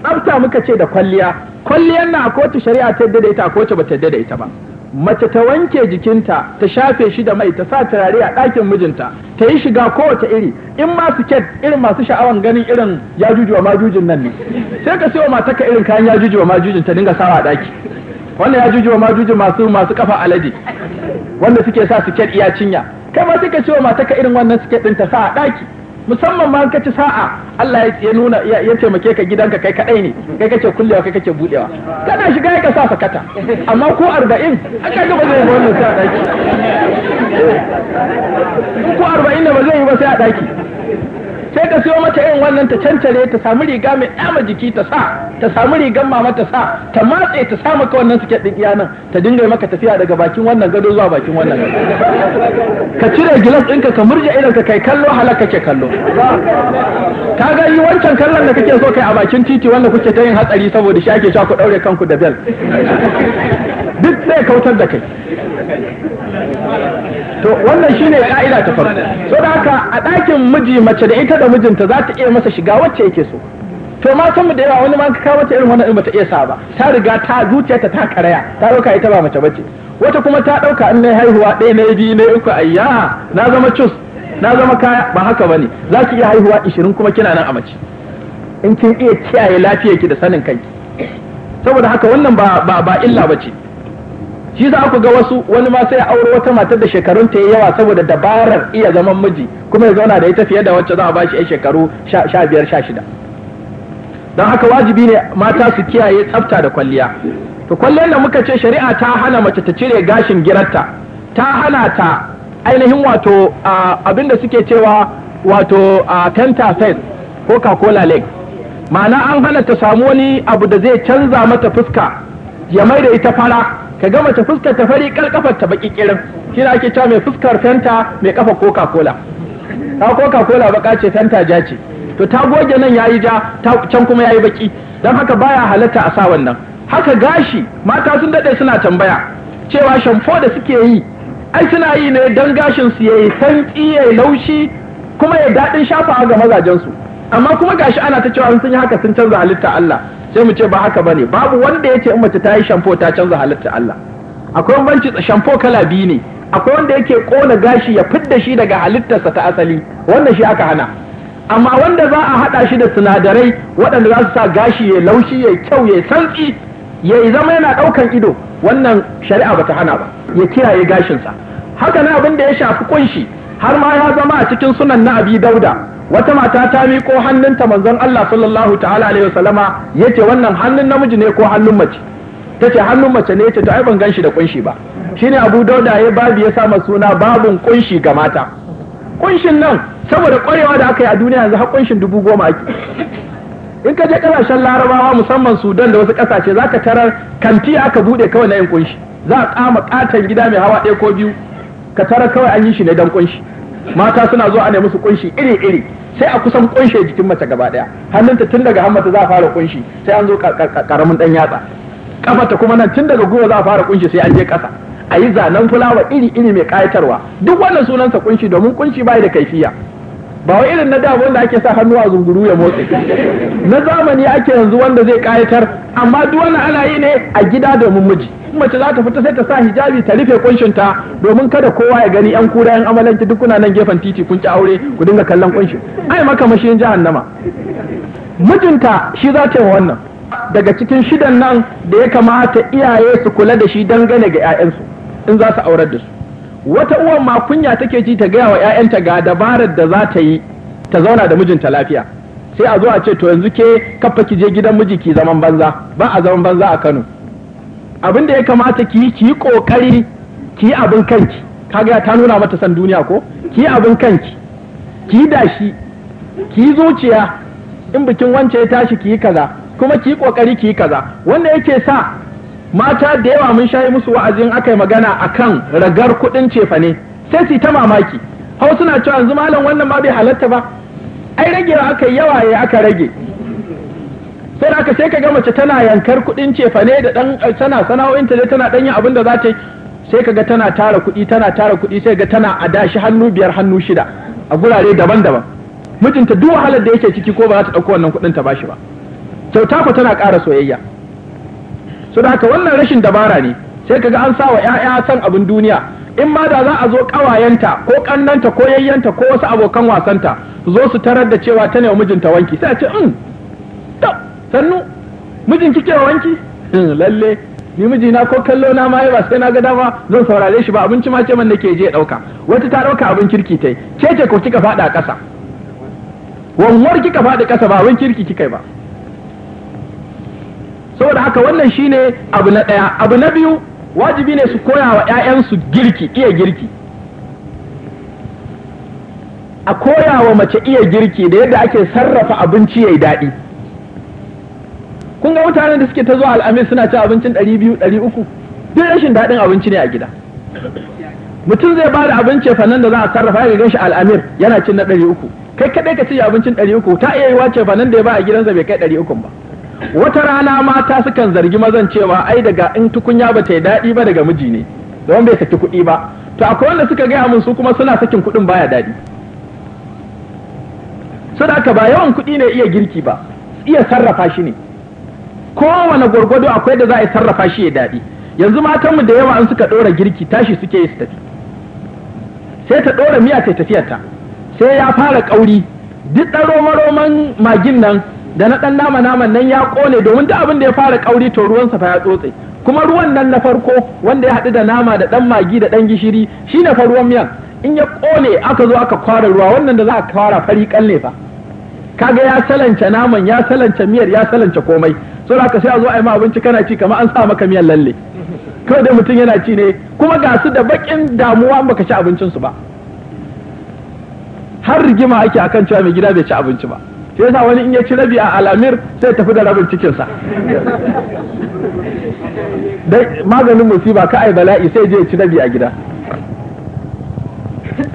tsafta muka ce da kwalliya kwalliyar na akwai wata shari'a ta yadda da ita akwai wacce bata yadda da ita ba mace ta wanke jikinta ta shafe shi da mai ta sa turare a ɗakin mijinta ta yi shiga kowace iri in ma siket irin masu sha'awan ganin irin yajuji wa majujin nan ne sai ka wa mataka irin kayan yajuji wa majujin ta dinga sawa daki wannan yajuji wa majujin masu masu kafa alade wanda suke sa siket iya cinya kai ma sai ka wa matarka irin wannan siket din ta sa a daki musamman ma ka ci sa'a Allah ya nuna ya taimake ka gidanka kai kadai ne kai kace kullewa kai kake budewa kana shiga ya ka sa sakata amma ko arba'in an ka ga ba zai wannan sa daki in ko arba'in da ba zai yi ba sai a ɗaki sai ka siyo mata yin wannan ta cancare ta samu riga mai ɗama jiki ta sa ta samu rigan mama ta sa ta matse ta sa maka wannan suke ɗin iya nan ta dinga maka tafiya daga bakin wannan gado zuwa bakin wannan ka cire gilas ɗinka ka murje idan ka kai kallo halaka kake kallo ka ga yi wancan kallon da kake so kai a bakin titi wanda kuke ta yin hatsari saboda shi ake sha ku ɗaure kanku da bel sai kautar da kai to wannan shine ka'ida ta farko so da haka a ɗakin miji mace da ita da mijinta za ta iya masa shiga wacce yake so to matan mu da yawa wani ma ka kawo ta irin wannan bata iya sa ba ta riga ta zuciyarta ta karaya ta dauka ita ba mace bace wata kuma ta dauka in nai haihuwa ɗaya na biyu na uku ayya na zama cus na zama kaya ba haka bane za ki iya haihuwa 20 kuma kina nan a mace in kin iya kiyaye lafiyarki da sanin kanki saboda haka wannan ba ba ba illa bace shi za ku ga wasu wani ma sai aure wata matar da shekarun ta yawa saboda dabarar iya zaman miji kuma ya zauna da ita fiye da wacce za a bashi yan shekaru sha biyar don haka wajibi ne mata su kiyaye tsafta da kwalliya to kwalliyar da muka ce shari'a ta hana mace ta cire gashin girarta ta hana ta ainihin wato abinda suke cewa wato penta ko kakola leg ma'ana an hana ta samu wani abu da zai canza mata fuska ya mai da ita fara ka gama ta fuskar ta fari karkafar ta baki kirin shi ne ake cewa mai fuskar fanta mai kafa coca cola ta coca cola baka ce fanta ja ce to ta goge nan yayi ja ta can kuma ya yi baki dan haka baya halatta a sa wannan haka gashi mata sun dade suna tambaya cewa shamfo da suke yi ai suna yi ne dan gashin su yayi santsi yayi laushi kuma ya dadin shafawa ga mazajen su amma kuma gashi ana ta cewa sun yi haka sun canza halitta Allah sai mu ce ba haka bane babu wanda yace in mace ta yi shampo ta canza halitta Allah akwai banci shampo kala biyu ne akwai wanda yake kona gashi ya fidda shi daga halittarsa ta asali wannan shi aka hana amma wanda za a hada shi da sinadarai waɗanda za su sa gashi ya laushi ya kyau ya santsi ya zama yana ɗaukan ido wannan shari'a bata hana ba ya kiyaye gashin sa haka na abin da ya shafi kunshi har ma ya zama a cikin sunan na abi dauda wata mata ta miƙo hannunta manzon Allah sallallahu ta'ala alaihi wasallama yace wannan hannun namiji ne ko hannun mace tace hannun mace ne yace to ai ban ganshi da kunshi ba shine abu dauda ya babu ya sama suna babun kunshi ga mata kunshin nan saboda ƙwarewa da aka yi a duniya yanzu har kunshin dubu goma ake in ka je kasashen larabawa musamman sudan da wasu kasashe zaka tarar kanti aka buɗe kawai na yin kunshi za a kama katon gida mai hawa ɗaya ko biyu ka tara kawai an yi shi ne dan kunshi mata suna zuwa nemi su kunshi iri iri sai a kusan kunshe jikin mace gaba daya hannunta tun daga hammata za a fara kunshi sai an zo karamin dan yatsa kafata kuma nan tun daga gwiwa za a fara kunshi sai an je kasa a yi zanen fulawa iri iri mai kayatarwa duk wannan sunansa kunshi domin kunshi bai da kaifiya ba wai irin na da wanda ake sa hannu a zunguru ya motsi na zamani ake yanzu wanda zai kayatar amma duk wannan ana yi ne a gida domin miji mace za ta fita sai ta sa hijabi ta rufe kunshinta domin kada kowa ya gani yan kura yan amalanki duk kuna nan gefen titi kun ci aure ku dinga kallon kunshin ai maka mashin jahannama mijinta shi za ta yi wannan daga cikin shidan nan da ya kamata iyaye su kula da shi dangane ga 'ya'yansu in za su aurar da su wata uwan ma kunya take ji ta gaya wa 'ya'yanta ga dabarar da za ta yi ta zauna da mijinta lafiya sai a zo a ce to yanzu ke kafa ki je gidan miji ki zaman banza ba a zaman banza a Kano abin da ya kamata ki yi ki yi kokari ki yi abin kanki kaga ta nuna mata san duniya ko ki yi abin kanki ki yi dashi ki yi zuciya in bikin wance ya tashi ki yi kaza kuma ki yi kokari ki yi kaza wanda yake sa mata da yawa mun shayi musu wa'azin aka yi magana akan ragar kudin cefa ne sai su ta mamaki hau suna cewa yanzu malam wannan ma bai halatta ba ai ragewa aka yawa ya aka rage sai da sai ka ga mace tana yankar kuɗin cefane da ɗan sana sana'o'inta ne tana ɗanyen abin da za ta yi sai ka ga tana tara kuɗi tana tara kuɗi sai ga tana adashi hannu biyar hannu shida a gurare daban-daban mijinta duk wahalar da yake ciki ko ba za ta ɗauko wannan kuɗin ta bashi ba kyauta ko tana ƙara soyayya so da haka wannan rashin dabara ne sai ka ga an sa wa 'ya'ya san abin duniya in ma da za a zo ƙawayenta ko ƙannanta ko yayyanta ko wasu abokan wasanta su zo su tarar da cewa ta ne wa mijinta wanki sai a ce in mm, sannu mijin kike wanki hmm, lalle ni mijina ko kallo na ma ba sai na ga dama zan saurare shi ba abinci ma ce man nake je dauka wata ta dauka abin kirki tai keke ko kika fada kasa wannan kika fada kasa ba abin kirki kika ba saboda haka wannan shine abu na daya abu na biyu wajibi ne su koya wa su girki iya girki a koya wa mace iya girki da yadda ake sarrafa abinci yayi daɗi kun ga mutanen da suke ta zuwa al'amin suna ci abincin ɗari biyu ɗari uku duk rashin daɗin abinci ne a gida mutum zai ba da abinci fannin da za a sarrafa ya gan al'amir yana cin na ɗari uku kai kaɗai ka ci abincin ɗari uku ta iya yi ce fannin da ya ba a gidansa bai kai ɗari uku ba wata rana mata sukan zargi mazan cewa ai daga in tukunya ba ta yi daɗi ba daga miji ne don bai saki kuɗi ba to akwai wanda suka gaya min su kuma suna sakin kuɗin baya daɗi sadaka ba yawan kuɗi ne iya girki ba iya sarrafa shi ne kowane gwargwado akwai da za a sarrafa shi ya daɗi yanzu matanmu da yawa an suka ɗora girki tashi suke yi su tafi sai ta ɗora miya ta tafiyarta. sai ya fara ƙauri duk ɗan roman magin nan da na ɗan nama naman nan ya ƙone domin duk abin da ya fara ƙauri to ruwansa fa ya tsotse kuma ruwan nan na farko wanda ya haɗu da nama da ɗan magi da ɗan gishiri shi ne fa ruwan miyan in ya ƙone aka zo aka kwara ruwa wannan da za a kwara fari ƙalle fa kaga ya salance naman ya salance miyar ya salance komai Sau haka sai a zo a yi ma abinci kana ci kamar an sa maka miyan lalle kawai dai mutum yana ci ne kuma ga su da bakin damuwa baka ci abincin su ba har rigima ake akan cewa mai gida bai ci abinci ba sai yasa wani in ya ci rabi a alamir sai tafi da rabin cikinsa maganin musiba ka ai bala'i sai je ci rabi a gida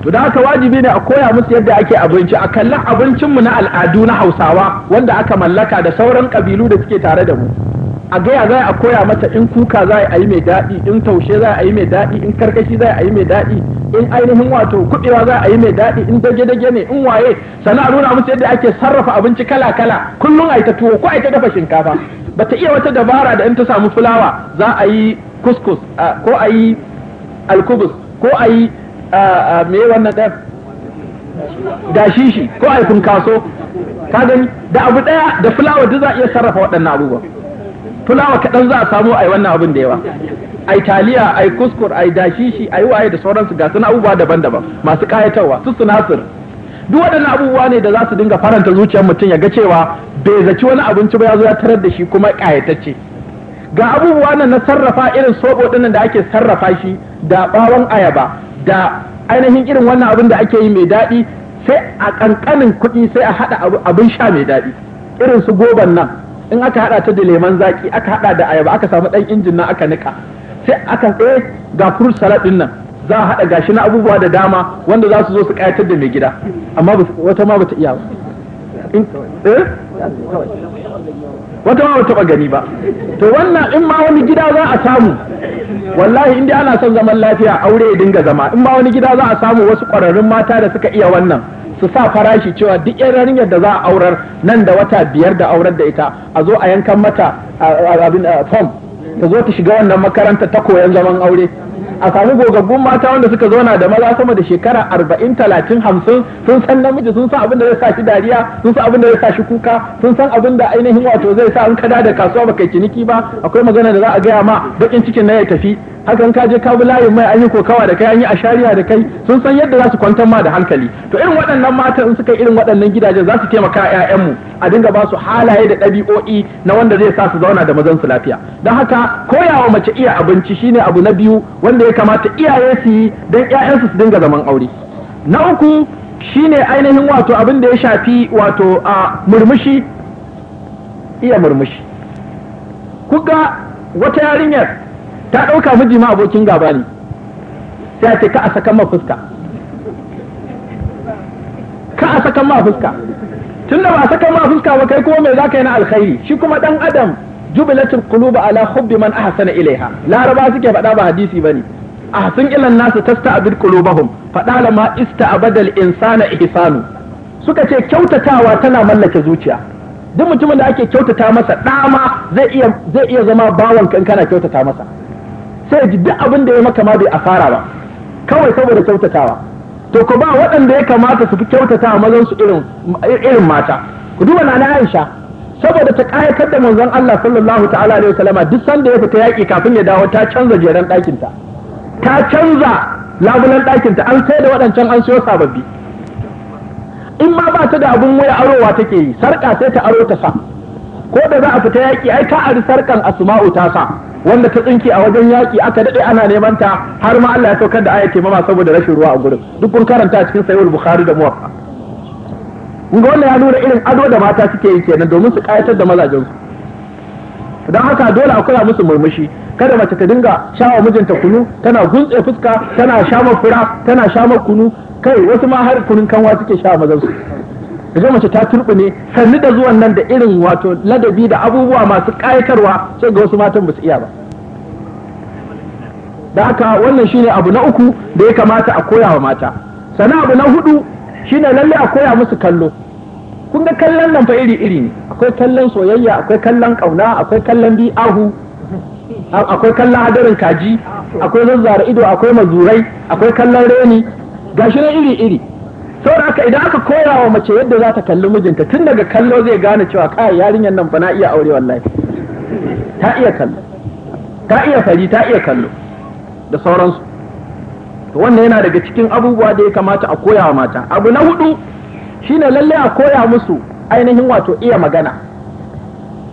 to da haka wajibi ne a koya musu yadda ake abinci a kallon abincinmu na al'adu na hausawa wanda aka mallaka da sauran ƙabilu da suke tare da mu a gaya za a koya mata in kuka za a yi mai daɗi in taushe za a yi mai daɗi in karkashi za a yi mai daɗi in ainihin wato kuɗewa za a yi mai daɗi in dage-dage ne in waye sana'a a nuna musu yadda ake sarrafa abinci kala-kala kullum a ta tuwo ko a ta dafa shinkafa ba ta iya wata dabara da in ta samu fulawa za a yi kuskus ko a yi alkubus ko a yi a me wannan ɗan gashi shi ko a kaso ka gani da abu ɗaya da fulawa duk za a iya sarrafa waɗannan abubuwa fulawa kaɗan za a samu a yi wannan abin da yawa ai taliya ai kuskur ai a yi waye da sauransu ga suna abubuwa daban-daban masu kayatarwa su sunasir duk waɗannan abubuwa ne da za su dinga faranta zuciyar mutum ya ga cewa bai zaci wani abinci ba ya zo ya tarar da shi kuma ƙayatacce. ga abubuwa nan na sarrafa irin soɓo ɗinnan da ake sarrafa shi da ɓawon ayaba da ainihin irin wannan abin da ake yi mai daɗi sai a ƙanƙanin kuɗi sai a haɗa abin sha mai daɗi irin su goban nan in aka haɗa ta da leman zaki, aka haɗa da ayaba aka samu ɗan injin nan aka nika sai aka tsaye eh, ga furut salad ɗin nan za a haɗa gashi na abubuwa da dama wanda za su zo su ƙayatar da mai gida amma wata ma bata iya ba eh? wata ba taba gani ba to wannan in ma wani gida za a samu wallahi in ana son zaman lafiya aure ya dinga zama in ma wani gida za a samu wasu ƙwararrun mata da suka iya wannan su sa farashi cewa duk yarinyar da za a aurar nan da wata biyar da aurar da ita a zo a yankan mata abin fom ta zo ta shiga wannan makaranta ta koyan zaman aure a samu gogaggun mata wanda suka zauna da maza sama da shekara arba'in talatin hamsin sun san namiji sun san abin da zai sa shi dariya sun san abin da zai sa shi kuka sun san abin da ainihin wato zai sa an kada da kasuwa baka ciniki ba akwai magana da za a gaya ma bakin cikin na ya tafi hakan ka je ka layin mai an yi kokawa da kai an yi shari'a da kai sun san yadda za su kwantar ma da hankali to irin waɗannan matan in suka irin waɗannan gidajen za su taimaka ƴaƴanmu a dinga ba su halaye da ɗabi'o'i na wanda zai sa su zauna da mazan su lafiya don haka koyawa mace iya abinci shine abu na biyu wanda ya kamata iyaye su yi don ƴaƴansu su dinga zaman aure na uku shine ainihin wato abin da ya shafi wato a murmushi iya murmushi kuka wata yarinyar ta ɗauka miji ma abokin gaba ne sai a ce ka a sakan ma fuska ka a sakan ma fuska da ba a sakan ma fuska ba kai kuma mai za ka yi na alkhairi shi kuma ɗan adam jubilatul qulubu ala hubbi man ahsana ilaiha laraba suke faɗa ba hadisi bane ahsin ilan nasu tasta'bid qulubahum faɗa a ista'badal insana ihsanu suka ce kyautatawa tana mallake zuciya duk mutumin da ake kyautata masa dama zai iya zai iya zama bawan kankana kyautata masa sai ji duk abin da ya maka ma bai asara ba kawai saboda kyautatawa to ku ba waɗanda ya kamata su fi kyautatawa mazan su irin mata ku duba na Aisha saboda ta kayatar da manzon Allah sallallahu ta'ala alaihi wasallama duk sanda ya fita yaki kafin ya dawo ta canza jeren ɗakin ta ta canza labulan ɗakin ta an sai da waɗancan an siyo sababbi in ma ba ta da abun waya arowa take yi sarƙa sai ta aro ta sa ko da za a fita yaki ai ta ari sarƙan asma'u ta sa wanda ta tsinke a wajen yaƙi aka daɗe ana neman ta har ma Allah ya saukar da ke taimama saboda rashin ruwa a gurin duk kun karanta a cikin sahihul bukhari da muwafa kun ga wannan ya nuna irin ado da mata suke yi kenan domin su ƙayatar da mazajen su don haka dole a kula musu murmushi kada mace ta dinga shawa mijinta kunu tana guntse fuska tana shama fura tana shamar kunu kai wasu ma har kunun kanwa suke sha mazan su ga mace ta turɓune sannu da zuwan nan da irin wato ladabi da abubuwa masu ƙayatarwa sai ga wasu matan ba su iya ba da haka wannan shine abu na uku da ya kamata a koya wa mata sannan abu na hudu shine lalle a koya musu kallo kun ga kallon nan fa iri iri ne akwai kallon soyayya akwai kallon ƙauna, akwai kallon ahu, akwai kallon hadarin kaji akwai zazzara ido akwai mazurai akwai kallon reni gashi na iri iri saboda haka idan aka koya wa mace yadda za ta kalli mijinta tun daga kallo zai gane cewa kai yarinyar nan fa na iya aure wallahi ta iya kallo ta iya fari ta iya kallo da sauransu to wannan yana daga cikin abubuwa da ya kamata a koya wa mata abu na hudu shine lalle a koya musu ainihin wato iya magana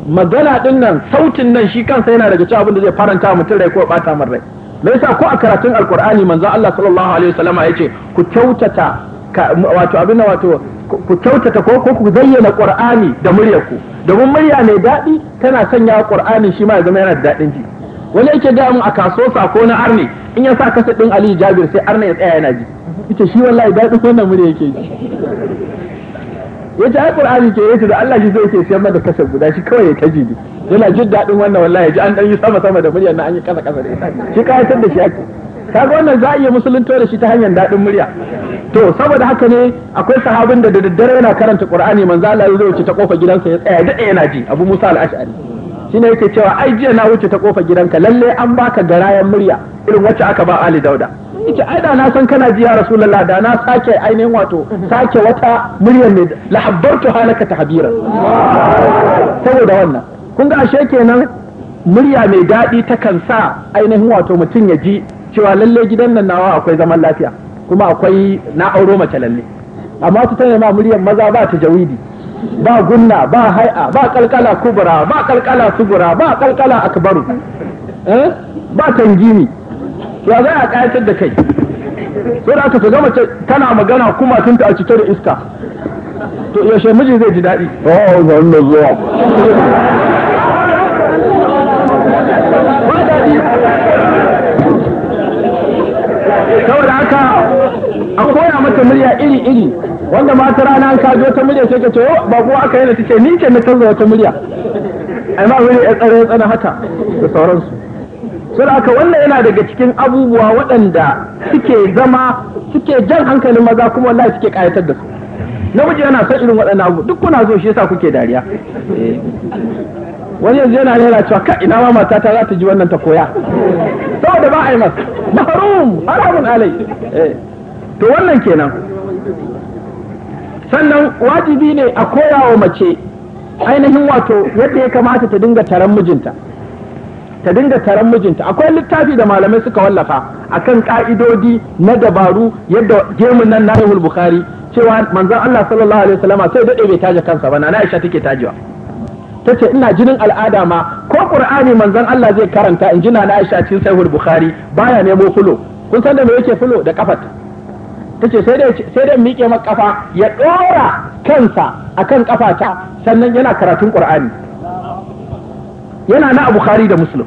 magana din nan sautin nan shi kansa yana daga cikin abin da zai faranta mutum rai ko bata min rai me yasa ko a karatun alkurani manzo Allah sallallahu alaihi wasallama yace ku kyautata wato abin wato ku kyautata ko ku zayyana qur'ani da muryarku domin murya mai daɗi tana sanya qur'ani shi ma ya zama yana da daɗin ji wani yake da mu a kaso sako na arne in ya sa kasa din Ali Jabir sai arne ya tsaya yana ji yace shi wallahi daɗin na murya yake ji yace ai qur'ani ke yace da Allah shi zai yake siyar da kasa guda shi kawai ya kaji ne yana jin daɗin wannan wallahi ya ji an dan yi sama sama da muryar na an yi kasa kasa da ita shi kayatar da shi ake kaga wannan za a iya musulunta da shi ta hanyar daɗin murya to saboda haka ne akwai sahabin da daddare yana karanta qur'ani manzo Allah ya wuce ta kofa gidansa ya tsaya da yana ji Abu Musa al-Ash'ari shine yake cewa ai jiya na wuce ta kofa gidanka lalle an baka garayan murya irin wacce aka ba Ali Dauda yace ai da na san kana ji ya Rasulullah da na sake ainihin wato sake wata muryar ne la habbartu halaka tahbira saboda wannan kun ga ashe kenan murya mai daɗi takan sa ainihin wato mutum ya ji cewa lalle gidan nan nawa akwai zaman lafiya kuma akwai na auro mace lalle amma su tana ma muryar maza ba ta jawidi ba gunna ba hai'a ba kalkala kubra ba kalkala sugura ba kalkala akbaru eh ba tangini ya za a kayatar da kai sai da aka ga mace tana magana kuma tunta a cike da iska to yaushe miji zai ji daɗi oh wannan zuwa ba daɗi saboda haka a koya mata murya iri iri wanda mata rana an kaji wata murya sai ka ce oh, ba kuwa aka yana cike ni ce na canza wata murya ai ma wani ya tsare tsana haka da sauransu sai haka wannan yana daga cikin abubuwa waɗanda suke zama suke jan hankalin maza kuma wallahi suke kayatar da su namiji yana son irin waɗannan abu duk kuna zo shi yasa kuke dariya wani yanzu yana rera cewa ka ina ma matata za ta ji wannan ta koya saboda ba a yi masa mahrum haramun alai eh, to wannan kenan sannan wajibi ne a koya wa mace ainihin wato yadda ya kamata ta dinga taron mijinta ta dinga taron mijinta akwai littafi da malamai suka wallafa akan ka'idodi na dabaru yadda gemun nan na bukhari cewa manzon Allah sallallahu alaihi wasallama sai dade bai taje kansa ba na Aisha take tajewa ta ce ina jinin al'ada ma ko qur'ani manzon Allah zai karanta in jina na Aisha cikin sahihul bukhari baya nemo fulo kun san da me yake fulo da ta ce sai dai sai dai miƙe maka kafa ya dora kansa akan kafa ta sannan yana karatun qur'ani yana na bukhari da muslim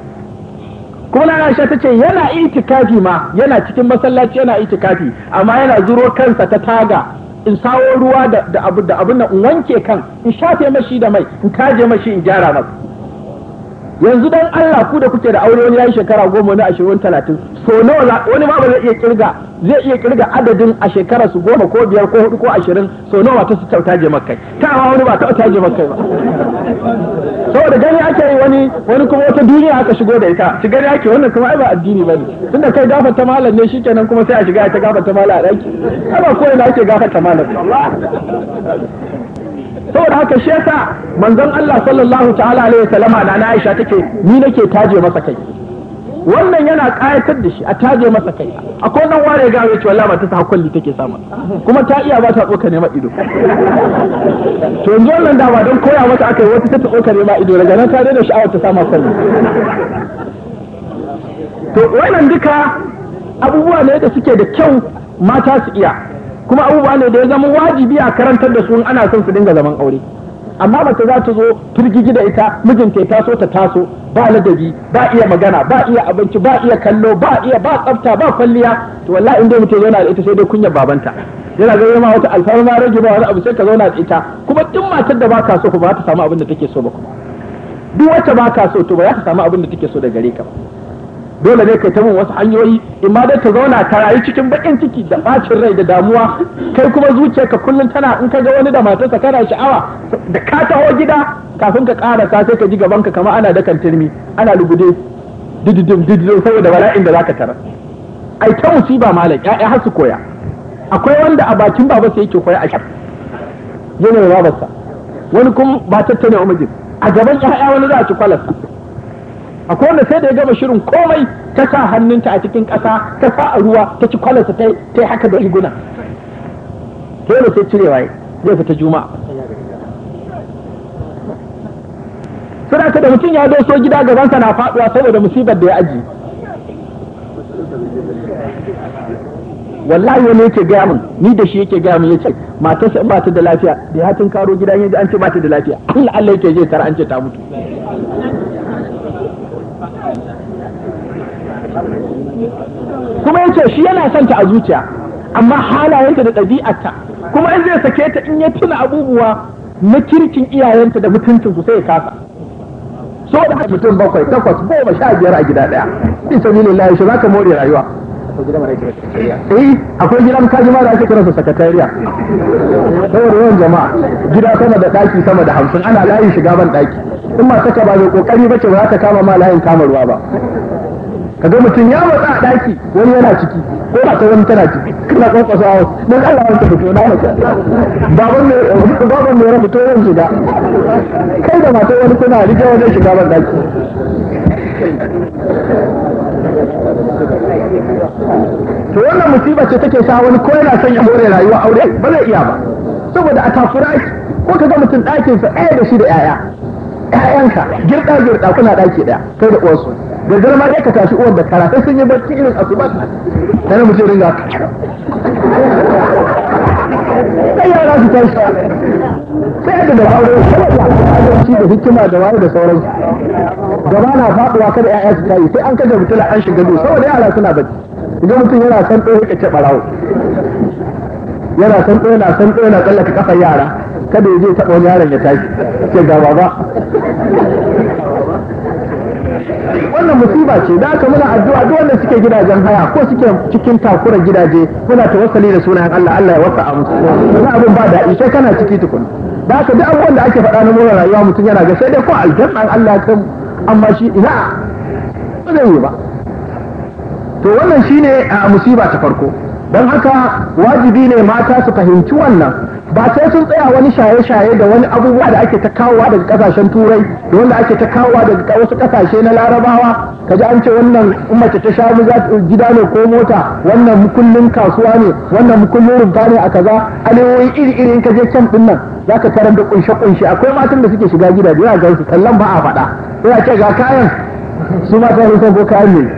kuma na Aisha tace yana itikafi ma yana cikin masallaci yana itikafi amma yana zuro kansa ta taga in sawo ruwa da abun da nan in wanke kan in shafe mashi da mai in kaje mashi in gyara masa yanzu dan Allah ku da kuke da aure wani yayi shekara goma na ashirin talatin so nawa wani ma ba zai iya kirga zai iya kirga adadin a shekara su goma ko biyar ko hudu ko ashirin so nawa ta su tauta je makai ta ma wani ba tauta je makai ba saboda gani ake yi wani wani kuma wata duniya aka shigo da ita shiga gani ake wannan kuma ai ba addini bane tunda kai ta malam ne shikenan kuma sai a shiga ta ta malam a daki ai ba ko ina ake ta malam saboda haka shi yasa manzon Allah sallallahu ta'ala alaihi wasallama na Aisha take ni nake taje masa kai wannan yana kayatar da shi a taje masa kai akwai nan ware ga yace wallahi ba ta sa kulli take sama kuma ta iya ba ta tsoka ne ma ido to yanzu wannan da ba don koya mata akai wata ta tsoka ne ma ido daga nan ta daina sha'awar ta sama sallu to wannan duka abubuwa ne da suke da kyau mata su iya kuma abubuwa ne da ya zama wajibi a karantar da su in ana son su dinga zaman aure amma mace za ta zo turgigi da ita mijinta ya taso ta taso ba ladabi ba iya magana ba iya abinci ba iya kallo ba iya ba tsafta ba kwalliya to wallahi in dai mutum yana da ita sai dai kunyar babanta yana ga ma wata alfarma rage ba wani abu sai ka zauna da ita kuma duk matar da baka so ku ba ta samu abin da take so ba kuma duk wacce baka so to ba za ta samu abin da take so da gare ka dole ne kai ta mun wasu hanyoyi in ma dai ka zauna ka rayu cikin bakin ciki da bacin rai da damuwa kai kuma zuciya ka kullun tana in ka ga wani da matarsa kana sha'awa da ka taho gida kafin ka ƙara ka sai ka ji gabanka kamar ana dakan turmi ana lugude dididim dididim saboda bala'in da zaka tara ai ta musiba malam ya'ya har su koya akwai wanda a bakin sai yake koya a kyar yana babarsa wani kuma ba tattane umajin a gaban ya'ya wani za a ci kwalas akwai wanda sai da ya gama shirin komai ta sa hannunta a cikin ƙasa ta sa a ruwa ta ci kwalarsa ta yi haka da riguna dole sai cirewa waye zai fita juma'a suna da mutum ya doso gida gabansa na faɗuwa saboda musibar da ya aji wallahi wani yake gaya min ni da shi yake gaya min yace matarsa in ba ta da lafiya da ya tun karo gidan yanzu an ce ba ta da lafiya Allah Allah yake je tara an ce ta mutu kuma ya ce shi yana son ta a zuciya amma halayenta da ɗabi'arta kuma in zai sake ta in ya tuna abubuwa na kirkin iyayenta da mutuncinsu sai ya kasa so da mutum bakwai takwas goma sha biyar a gida ɗaya in sami lahi shi zaka more rayuwa eh akwai gidan kaji ma da ake su sakatariya saboda yawan jama'a gida sama da ɗaki sama da hamsin ana layin shiga ban ɗaki in ma saka ba mai ba ce ba za ta kama ma layin kama ruwa ba Ka ga mutum ya motsa a daki wani yana ciki ko ba ta wani tana ciki kana kwankwasa a wasu don Allah wanta fito na mace baban mai baban mai rabu to shiga kai da matar wani kuna rike wajen shiga ban daki to wannan musiba ce take sa wani ko yana son ya more rayuwa aure ba zai iya ba saboda a takura ko kaga mutum ɗakinsa ɗaya da shi da 'ya'ya ƴaƴanka girɗa girɗa kuna ɗaki ɗaya kai da uwarsu da girma ɗaya ka tashi uwar da kara sai sun yi barci irin asuba ta na mutum ringa sai yara su tashi sai da da aure shi da hikima da wayo da sauran gaba na faɗuwa kada ƴaƴa su tashi sai an kaga mutum an shiga duhu saboda yara suna barci idan mutum yana san ɗaya ya ce ɓarawo yana san ɗaya na san ɗaya na tsallaka kafa yara kada ya je taɓa wani yaron ya tashi ce ga baba wannan musiba ce da aka muna addu'a duk wanda suke gidajen haya ko suke cikin takura gidaje muna tawassali da sunan Allah Allah ya wasa musu wani abin ba daɗi sai kana ciki tukun da aka duk abubuwan da ake faɗa na mura rayuwa mutum yana ga sai dai ko aljannan Allah kan amma shi ina ba zai yi ba to wannan shine a musiba ta farko don haka wajibi ne mata su fahimci wannan ba sai sun tsaya wani shaye-shaye da wani abubuwa da ake ta kawowa daga kasashen turai da wanda ake ta kawowa daga wasu kasashe na larabawa ka ji an ce wannan mace ta sha gida ne ko mota wannan mukullin kasuwa ne wannan mukullin rumfa ne a kaza alewoyi iri-iri in ka je can din nan za ka tarar da kunshe-kunshe akwai matan da suke shiga gida yana su kallon ba a faɗa yana ce ga kayan su ma ta sun ko kayan ne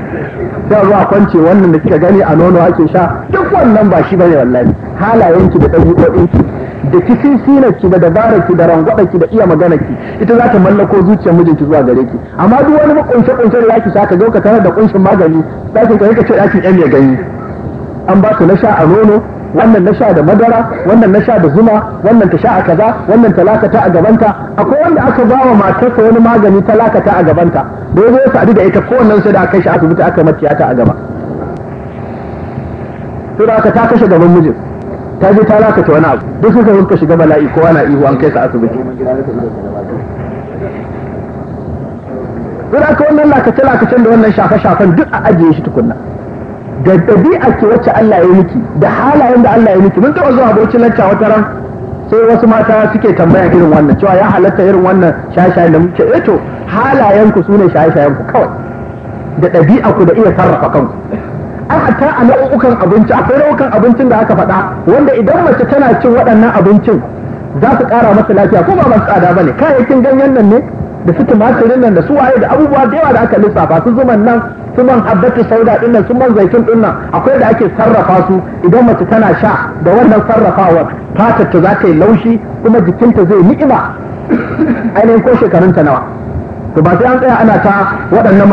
sai zuwa kwance wannan da kika gani a nono ake sha duk wannan ba shi bane wallahi halayenki da ɗabi'o'inki da kisin sinarki da dabaraki, da rangwadaki, da iya ki ita za ta mallako zuciyar mijinki zuwa gare ki amma duk wani kunshe kunshe da zaki saka zo ka da kunshin magani zaki ka rika ce ɗakin ɗan ya gani an ba su na a nono wannan na da madara wannan na da zuma wannan ta sha a kaza wannan ta lakata a gabanta akwai wanda aka ba wa matarsa wani magani ta a gabanta da ya zo sadu da ita kowannen sai da aka shi asibiti aka mata a gaba to da aka ta kashe gaban mijin ta je ta lakace wani abu duk suka suka shiga bala'i ko wani ihu an kai sa asibiti Zura ka wannan lakace-lakacen da wannan shafe-shafen duk a ajiye shi tukunna. Da ɗabi'a ke wacce Allah ya miki, da halayen da Allah ya miki, mun taɓa zuwa abokin lacca wata ran sai wasu mata suke tambaya irin wannan cewa ya halatta irin wannan shashayen da muke eh to halayen ku sune shashayen ku kawai da dabi'a ku da iya sarrafa kanku an hatta a nau'ukan abinci akwai nau'ukan abincin da aka faɗa wanda idan mace tana cin waɗannan abincin za su ƙara masa lafiya ko ba masu tsada ba ne kayayyakin ganyen nan ne da su tumatirin nan da su waye da abubuwa da yawa da aka lissafa su zuman nan su man habbatu sauda din nan su man zaitun din nan akwai da ake sarrafa su idan mace tana sha da wannan sarrafawar fatar ta za ta yi laushi kuma jikinta zai ni'ima <coughs> ainihin ko shekarunta nawa to ba sai an tsaya ana ta waɗannan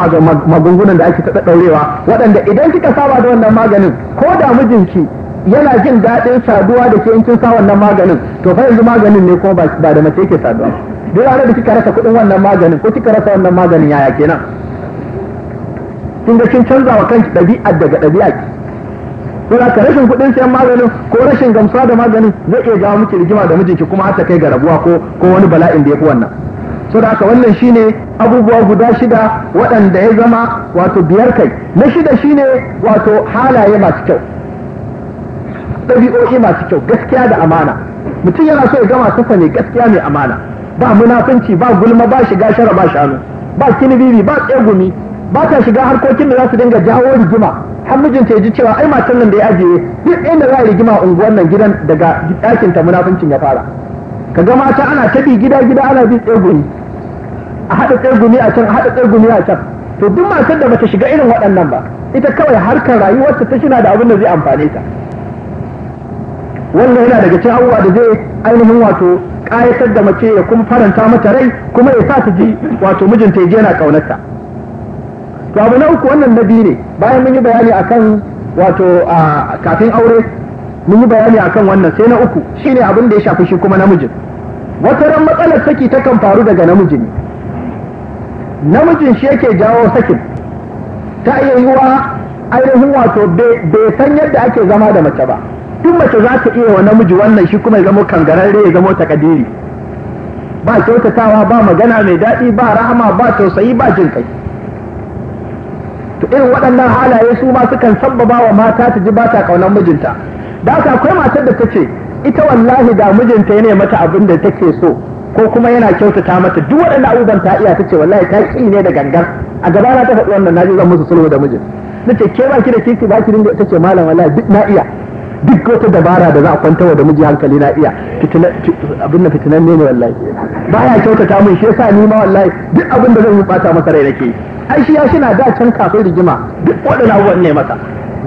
magungunan da ake ta ɗaurewa waɗanda idan kika saba da wannan maganin ko da mijinki yana jin daɗin saduwa da ke in kin sa wannan maganin to fa yanzu maganin ne kuma ba da mace yake saduwa duk ranar da kika rasa kuɗin wannan maganin ko kika rasa wannan maganin yaya kenan kin ga kin canza wa kanki ɗabi'ar daga ɗabi'a ki ko ka rashin kuɗin sayan maganin ko rashin gamsuwa da maganin zai iya jawo miki rigima da mijinki kuma har ta kai ga rabuwa ko ko wani bala'in da ya fi wannan so da haka wannan shine abubuwa guda shida waɗanda ya zama wato biyar kai na shida shine wato halaye masu kyau ɗabi'o'i masu kyau gaskiya da amana mutum yana so ya gama sasa ne gaskiya mai amana ba munafunci ba gulma ba shiga shara ba shanu ba kinibibi ba tsegumi ba ta shiga harkokin da za su dinga jawo rigima har mijinta ya ji cewa ai matan nan da ya ajiye duk inda za a rigima unguwar nan gidan daga ɗakin ta munafuncin ya fara ka ga mata ana taɓi gida gida ana bi tsegumi a haɗa tsirgumi a can a haɗa tsirgumi a can to duk matar da bata shiga irin waɗannan ba ita kawai harkar rayuwarta ta shina da abin da zai amfane ta wannan yana daga cikin abubuwa da zai ainihin wato ƙayatar da mace ya kuma faranta mata rai kuma ya sa ta ji wato mijinta ya je yana ƙaunarta to abu na uku wannan na biyu ne bayan mun yi bayani akan wato a kafin aure mun yi bayani akan wannan sai na uku shine abin da ya shafi shi kuma namijin wata ran matsalar saki takan faru daga namiji ne namijin shi yake jawo sakin ta iya yiwa ainihin wato bai san yadda ake zama da mace ba tun mace za ta iya wa namiji wannan shi kuma ya zama kangararre ya zama kadiri ba kyautatawa ba magana mai daɗi ba rahama ba tausayi ba jin kai to irin waɗannan halaye su ma sukan sabbaba wa mata ta ji ba ta ƙaunar mijinta da haka akwai matar da ta ce ita wallahi da mijinta ya ne mata abin da take so ko kuma yana kyautata mata duk waɗannan abubuwan ta iya ta ce wallahi ta ƙi ne da gangan a gaba na ta faɗi wannan na ji zan musu sulhu da mijin na ce ke baki da kirki ba ki dinga ta ce malam wallahi duk na iya duk wata dabara da za a kwanta wa da miji hankali na iya abin da fitinan ne ne wallahi baya kyautata min shi yasa ni ma wallahi duk abin da zan yi bata masa rai nake ai shi ya shi na da can kafin rigima duk waɗannan abubuwan ne masa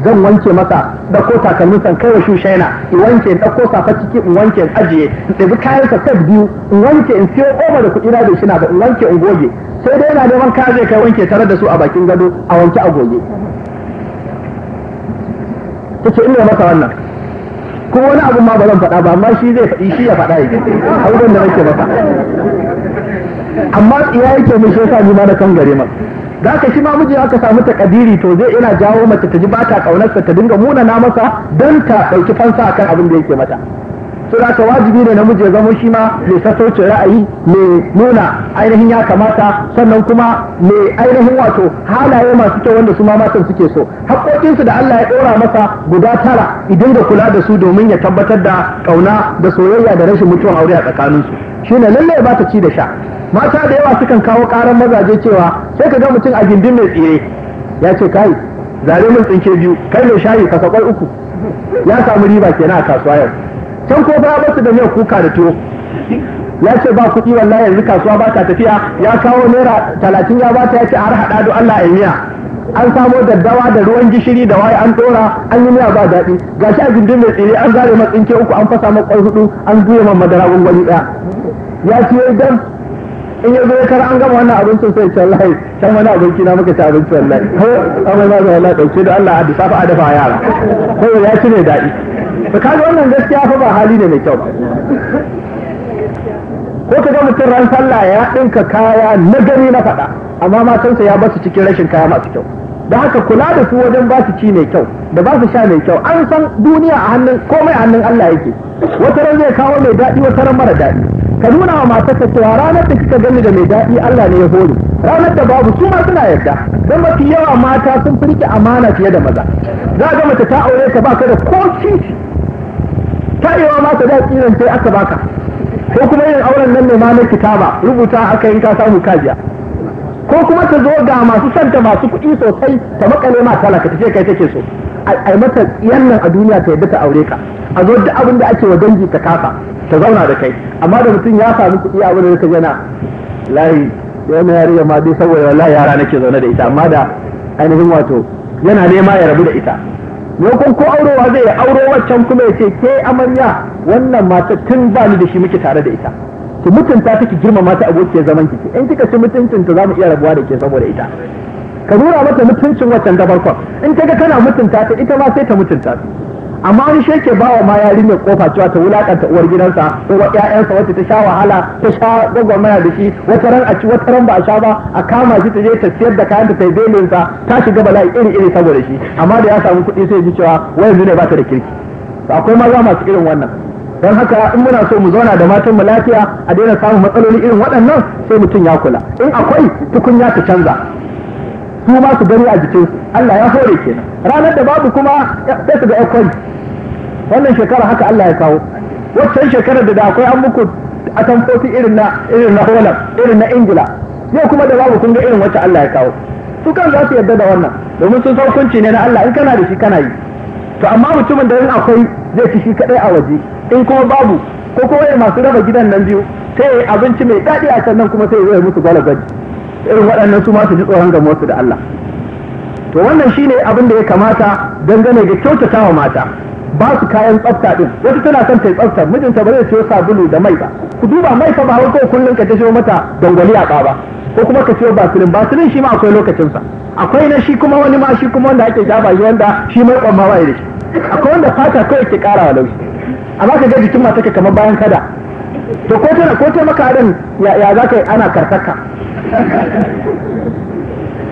zan wanke masa ko takalmin san kai wa shushaina in wanke in ɗauko safa ciki in wanke in ajiye in ɗabi kayan sa tab biyu in wanke in siyo goma da kuɗi na da shi na ba in wanke in goge sai dai yana neman ka zai kai wanke tare da su a bakin gado a wanke a goge tace ina masa wannan ko wani abu ma ba zan faɗa ba amma shi zai faɗi shi ya faɗa yake abubuwan da nake masa amma tsiya yake mai shi yasa ni ma na kan gare masa za ka shi ma miji aka samu takadiri to zai ina jawo mace ta ji ba ta kaunarsa ta dinga muna na masa don ta ɗauki fansa akan abin da yake mata to da wajibi ne namiji ya zama shi ma mai sassauce ra'ayi mai nuna ainihin ya kamata sannan kuma mai ainihin wato halaye masu kyau wanda su ma matan suke so haƙoƙinsu da Allah ya ɗora masa guda tara idan da kula da su domin ya tabbatar da ƙauna da soyayya da rashin mutuwar aure a tsakaninsu Shi shine lallai ba ta ci da sha mata da yawa sukan kawo karan mazaje cewa sai ka ga mutum a gindin mai tsire ya ce kai zare mun tsinke biyu kai mai shayi ka sakwai uku ya samu riba kenan a kasuwa yau can ko ba basu da miyar kuka da tuwo ya ce ba kuɗi walla yanzu kasuwa ba ta tafiya ya kawo naira talatin ya bata ya ce har haɗa da Allah ya miya an samo daddawa da ruwan gishiri da waye an ɗora an yi miya ba daɗi Ga shi a gindin mai tsire an zare matsinke uku an fasa makwai hudu an biyo man madara gwangwani ɗaya ya ce dan in ya zo kar an gama wannan abincin sai ce wallahi can wani abinci na muka ci abinci wallahi ko amma ba wallahi dauke da Allah a safa a dafa yara ko ya ci ne daɗi to kaga wannan gaskiya fa ba hali ne mai kyau ba ko ka mutum ran sallah ya ɗinka kaya na gari na faɗa amma matansa ya ba su cikin rashin kaya masu kyau da haka kula da su wajen ba su ci mai kyau da ba su sha mai kyau an san duniya a hannun komai a hannun Allah yake wata ran zai kawo mai daɗi wata ran mara daɗi ka nuna wa matarka cewa ranar da kika gani da mai daɗi Allah ne ya hore ranar da babu su ma suna yadda don mafi yawa mata sun firke amana fiye da maza za ga mace ta aure ka baka da ko kishi ta wa ma za da kiran sai aka baka ko kuma yin auren nan ne ma na kitaba rubuta aka yi ka samu kajiya ko kuma ta zo ga masu santa masu kuɗi sosai ta makale ma talaka ta ce kai take so ai mata yannan a duniya ta yadda ta aure ka a zo duk abin da ake wa dangi ta kafa ta zauna da kai amma da mutum ya sami kuɗi a wani ka jana layi yana yariya ma dai saboda wallahi yara nake zaune da ita amma da ainihin wato yana nema ya rabu da ita maimakon ko aurowa zai auro waccan kuma ya ce ke amarya wannan mata tun ba ni da shi muke tare da ita ki mutunta ta ki girmama ta abokiyar zaman ki in kika ci mutuncin ta zamu iya rabuwa da ke saboda ita ka nuna mata mutuncin waccan da farkon in ta ga kana mutunta ta ita ma sai ta mutunta ta amma wani sheke bawa ma yarinyar kofa cewa ta wulakanta uwar gidansa ko wa ƴaƴansa wacce ta sha wahala ta sha gwagwarmaya da shi wata ran a ci wata ran ba a sha ba a kama shi ta je ta siyar da kayan ta ta belin sa ta shiga bala'i iri iri saboda shi amma da ya samu kuɗi sai ji cewa wai yanzu ne ba ta da kirki akwai maza masu irin wannan don haka in muna so mu zauna da matanmu lafiya a daina samun matsaloli irin waɗannan sai mutum ya kula in akwai tukunya ta canza su ma su gani a jikinsu Allah ya hore kenan ranar da babu kuma sai su ga yakwai wannan shekara haka Allah ya kawo waccan shekarar da akwai an muku a tamfoti irin na irin na Holland irin na Ingila yau kuma da babu kun ga irin wacce Allah ya kawo su kan za su yarda da wannan domin sun san hukunci ne na Allah in kana da shi kana yi to amma mutumin da in akwai zai ci shi kadai a waje in kuma babu ko kuma masu raba gidan nan biyu sai ya abinci mai daɗi a can nan kuma sai ya musu gwaji irin waɗannan su ma su ji tsoron su da Allah to wannan shine abin da ya kamata dangane da kyautatawa mata ba su kayan tsafta din wata tana son ta yi tsafta mijinta ba zai siyo sabulu da mai ba ku duba mai fa ba ko kullun ka ta mata dangwali a ba ko kuma ka siyo basilin basilin shi ma akwai lokacinsa akwai na shi kuma wani ma shi kuma wanda ake jaba shi wanda shi mai kwamma ba da shi akwai wanda fata kawai ke karawa laushi amma ka ga jikin mata ka kamar bayan kada to ko tana ko tana maka adan ya za ka yi ana kartaka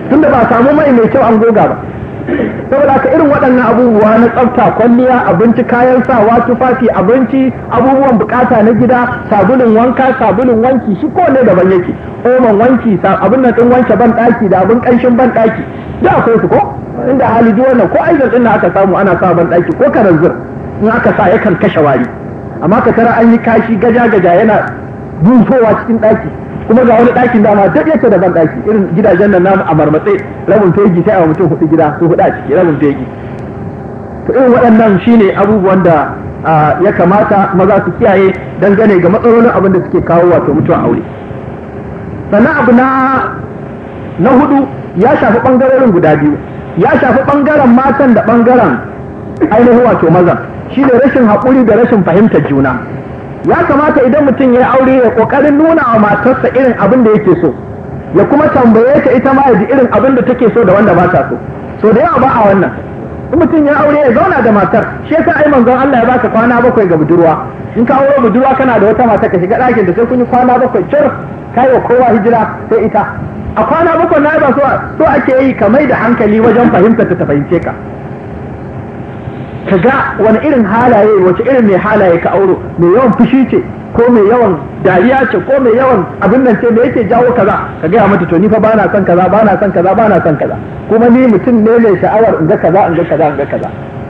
tunda ba samu mai mai kyau an goga ba saboda ka irin waɗannan abubuwa na tsafta kwalliya abinci kayan sawa tufafi abinci abubuwan bukata na gida sabulun wanka sabulun wanki shi ko ne daban yake oman wanki abin nan din wanke ban daki da abin kanshin ban daki da akwai su ko inda haliji wannan ko aizar din aka samu ana sa ban daki ko karanzir in aka sa yakan kashe wari amma ka tara an yi kashi gaja gaja yana dusowa cikin ɗaki. kuma ga wani ɗakin dama duk yake da ban ɗaki irin gidajen nan namu a marmatse rabin fegi sai a mutum hudu gida su hudu a ciki rabin fegi to irin waɗannan shine abubuwan da ya kamata maza su kiyaye dangane ga matsalolin abin da suke kawo wato mutuwa aure sannan abu na na hudu ya shafi ɓangarorin guda biyu ya shafi ɓangaren matan da ɓangaren ainihin wato mazan shine rashin haƙuri da rashin fahimtar juna ya kamata idan mutum ya aure ya kokarin nuna wa matarsa irin abin da yake so ya kuma tambaye ta ita ma ji irin abin da take so da wanda ba ta so so da yawa ba a wannan in mutum ya aure ya zauna da matar shi yasa ai manzon Allah ya baka kwana bakwai ga budurwa in ka aure budurwa kana da wata mata ka shiga ɗakin da sai kun yi kwana bakwai cir kai wa kowa hijira sai ita a kwana bakwai na ba so ake yi ka mai da hankali wajen fahimtar ta fahimce ka ka ga wani irin halaye wace irin mai halaye ka auro mai yawan fushi ce ko mai yawan dariya ce ko mai yawan abin nan ce mai yake jawo kaza ka gaya mata to ni fa bana son kaza bana son kaza bana son kaza kuma ni mutum ne mai sha'awar in ga kaza in ga kaza in ga kaza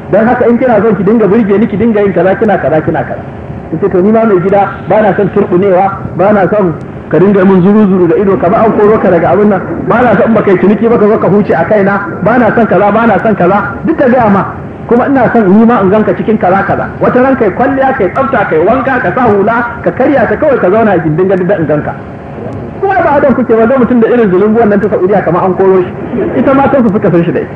dan haka in kina son ki dinga burge ni ki dinga yin kaza kina kaza kina kaza ce to ni ma mai gida bana son turbunewa bana son ka dinga min zuru zuru da ido kamar an koro ka daga abin nan bana son ba kai ciniki ka zo ka huce a kaina bana son kaza bana son kaza duk ka gaya ma kuma ina son ni ma in ganka cikin kaza kaza wata ran kai kwalliya kai tsafta kai wanka ka sa hula ka karya ta kawai ka zauna a gindin gadi da in ganka kuma ba adam kuke ba mutum da irin zulunguwan nan ta Saudiya kamar an koro shi ita ma su suka san shi dai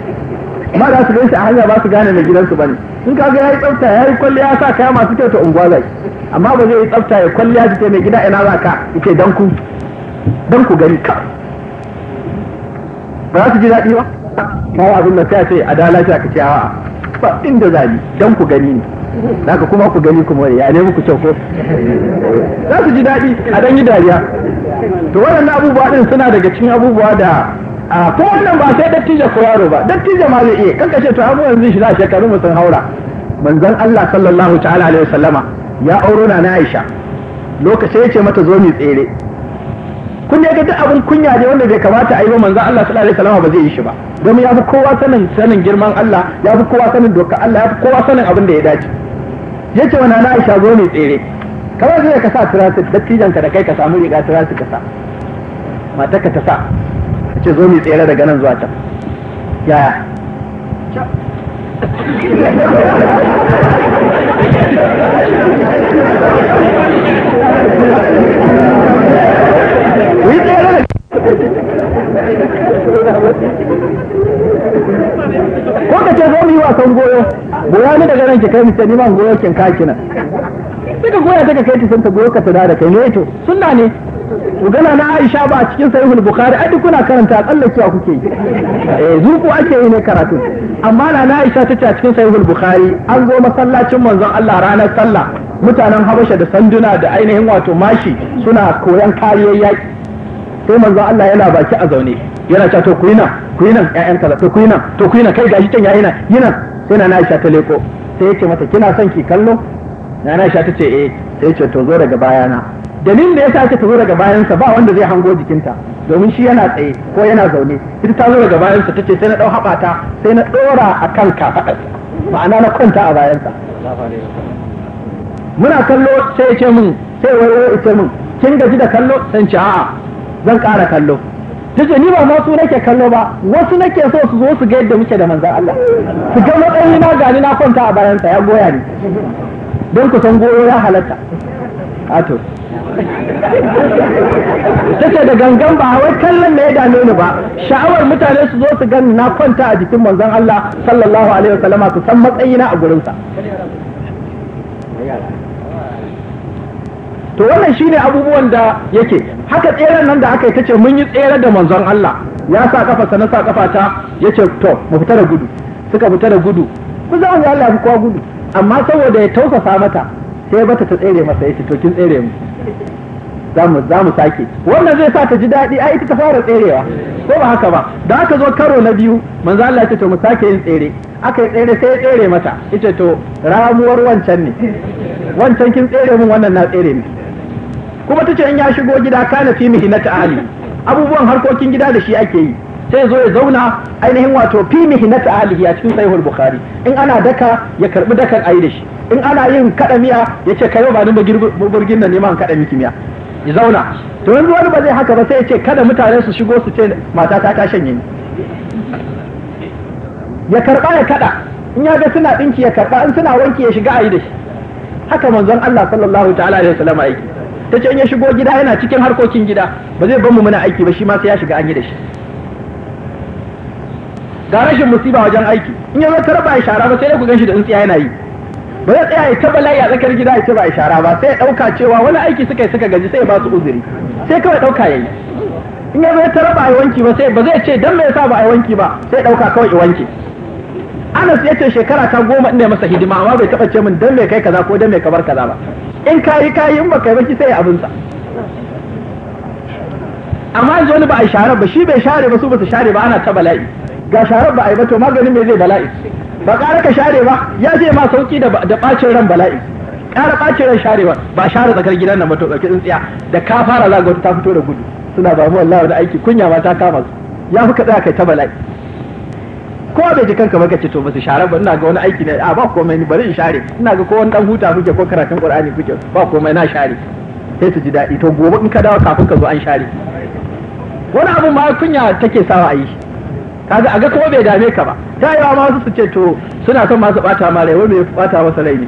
ma da su ganshi a hanya ba su gane mai gidansu bane in ka ga yayi tsafta yayi kwalliya sa kaya masu kyau ta unguwa zai amma ba zai yi tsafta ya kwalliya su ce mai gida ina za ka yace dan ku dan ku gani ka ba za su ji daɗi ba kawai abin da sai a ce a da ka ce a'a ba inda za ni dan ku gani ne naka kuma ku gani kuma ya ne muku kyau ko za su ji daɗi a dan dariya to waɗannan abubuwa din suna daga cikin abubuwa da a ko wannan ba sai dattijo ko yaro ba dattijo ma zai iya kanka ce to abubuwan zai shi za shekaru mu sun haura manzon Allah sallallahu ta'ala alaihi wasallama ya auro na Aisha lokacin ya ce mata zo ni tsere kun ga duk abin kunya ne wanda bai kamata a yi ba manzo Allah sallallahu alaihi wasallam ba zai yi shi ba domin ya fi kowa sanin sanin girman Allah ya fi kowa sanin doka Allah ya fi kowa sanin abin da ya dace yace wa nana Aisha zo ne tsere kawai zai ka sa tirasi dattijan ka da kai ka samu riga tirasi ka sa mata ka ta sa yace ce zo mu tsere daga nan zuwa can yaya <laughs> ko ka ce zo mu yi wasan goyo goya ni daga nan kai mu man goyo kin ka kina suka goya ta kai ta ta goyo ka tada da kai ne to sunna ne magana na Aisha ba a cikin sahihul Bukhari ai duk kuna karanta kallon cewa kuke eh zuku ake yi ne karatu amma na Aisha ta a cikin sahihul Bukhari an zo masallacin manzon Allah ranar sallah mutanen Habasha da sanduna da ainihin wato mashi suna koyan kariyar yaki sai manzo Allah yana baki a zaune yana cewa to ku yi nan ku yi nan ƴaƴan kaza to ku yi nan to kuina kai gashi can yayi nan yi nan sai na Aisha ta leko sai yace mata kina son ki kallo na Aisha ta ce eh sai yace to zo daga bayana dalilin da yasa ta zo daga bayansa ba wanda zai hango jikinta domin shi yana tsaye ko yana zaune ita ta zo daga bayansa tace sai na dau ta sai na dora akan kafadarsa ma'ana na kwanta a bayansa muna kallo sai ya ce min sai wai wai ce min kin gaji da kallo san ce a'a zan ƙara kallo tace ni ba ma su nake kallo ba wasu nake so su zo su ga yadda muke da manzan Allah su ga matsayi na gani na kwanta a bayansa ya goya ni don ku san goyo ya halatta ato tace da gangan ba wai kallon da ya dame ni ba sha'awar mutane su zo su gani na kwanta a jikin manzan Allah sallallahu alaihi wasallama su san matsayina a gurinsa to wannan shine abubuwan da yake haka tseren nan da aka yi tace mun yi tsere da manzon Allah ya sa kafa na sa kafa ta yace to mu fita da gudu suka fita da gudu ku za mu Allah ku kwa gudu amma saboda ya tausasa mata sai bata ta tsere masa yace to kin tsere mu za mu sake wannan zai sa ta ji daɗi ai ita ta fara tserewa ko ba haka ba da aka zo karo na biyu manzo Allah ya ce to mu sake yin tsere aka yi tsere sai ya tsere mata ce to ramuwar wancan ne wancan kin tsere mun wannan na tsere ne kuma tace in ya shigo gida kana fi mihnati ahli abubuwan harkokin gida da shi ake yi sai zo ya zauna ainihin wato fi mihnati ahlihi a cikin sahihul bukhari in ana daka ya karbi dakan ayi da shi in ana yin kada miya yace kai ba da burgin nan neman kada miki miya ya zauna to yanzu wani ba zai haka ba sai ya ce kada mutane su shigo su ce matata ta shanye ni ya karba ya kada in ya ga suna dinki ya karba in suna wanki ya shiga ayi da shi haka manzon Allah sallallahu ta'ala alaihi wasallam yake ta ce in ya shigo gida yana cikin harkokin gida ba zai bar mu muna aiki ba shi ma sai ya shiga an yi da shi ga rashin musiba wajen aiki in ya zaka raba shara ba sai dai ku ganshi da tsintsiya yana yi ba zai tsaya ya taba layi a tsakar gida ya taba ba shara ba sai ya dauka cewa wani aiki suka yi suka gaji sai ya ba su uzuri sai kawai dauka yi. in ya zai taraba a wanki ba sai ba zai ce dan me yasa ba a wanki ba sai dauka kawai wanki Anas ya ce shekara ta goma ina masa hidima amma bai taba ce min dan me kai kaza ko dan me kabar kaza ba in kayi kayi in baka yi baki sai sa. amma yanzu wani ba a share ba shi bai share ba su ba su share ba ana ta bala'i ga sharar ba a yi ba to maganin me zai bala'i ba ƙara ka share ba ya je ma sauki da bacin ran bala'i ƙara bacin ran sharewa ba share tsakar gidan nan ba to ɗauki tsintsiya da ka fara za ta fito da gudu suna ba mu wallahi wani aiki kunya ma ta kama su ya fi ka kai ta bala'i ko bai ji kanka baka ce to ba su share ba ina ga wani aiki ne a ba komai bari in share ina ga ko wani dan huta kuke ko karatun qur'ani kuke ba komai na share sai su ji daɗi to gobe in ka dawo kafin ka zo an share wani abu ma kunya take sawa ayi yi kaga a ga bai dame ka ba ta yawa ma su ce to suna son ma su bata ma rai wai bata masa rai ne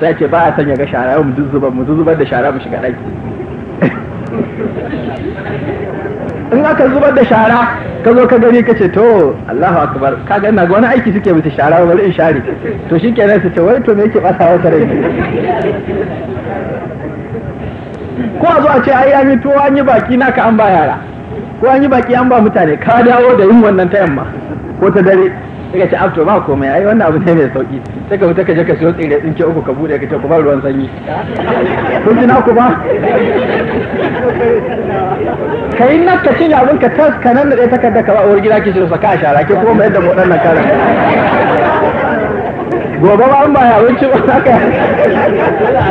sai ce ba a son ga shara mu duzzuba mu zubar da shara mu shiga ɗaki in aka zubar da shara ka zo ka gani ka ce to Allahu akbar ka ga ina wani aiki suke musu shara bari in share to shikenan su ce wai to me yake fasa wata rai ko a zo a ce ai ya mito an yi baki naka an ba yara ko an yi baki an ba mutane ka dawo da yin wannan ta yamma ko ta dare sai ce afto ba komai ai wannan abu ne mai sauki sai ka fita ka je ka siyo tsire ke uku ka bude ka ce ku ba ruwan sanyi kun ji ku ba ka yi nan ka cinye abin ka tas ka nan da ɗaya kadda ka ba uwar gida ki shirin saka a shara ke kuma mai yadda mu na karin gobe ba an ba ya abinci ba haka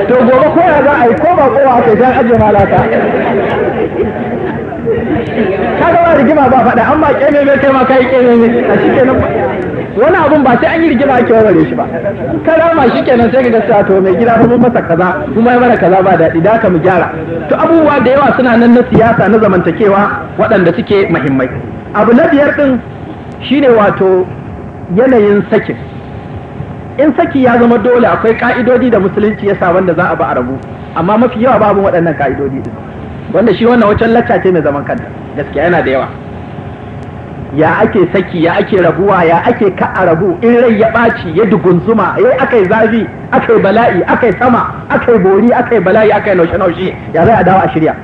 to gobe ko ya za a yi ko ba ko ba kai sai ajiye malata kaga ba rigima ba faɗa ba ƙeme mai kai ma kai ƙeme mai a cikin kenan wani abun ba sai an yi rigima ake warware shi ba karama shi kenan sai ka sa to mai gida mun masa kaza kuma ya mara kaza ba daɗi da ka mu gyara to abubuwa da yawa suna nan na siyasa na zamantakewa waɗanda suke muhimmai abu na biyar din shine wato yanayin saki. in saki ya zama dole akwai ka'idodi da musulunci ya sa wanda za a ba a rabu amma mafi yawa babu waɗannan ka'idodi din wanda shi wannan wacan lacca ce mai zaman kanta gaskiya yana da yawa ya ake saki ya ake rabuwa ya ake ka'a rabu in rai ya ɓaci ya dugunzuma ya aka yi zafi aka yi bala'i aka yi sama aka yi bori aka yi bala'i aka yi naushe-naushe ya zai a dawa a shirya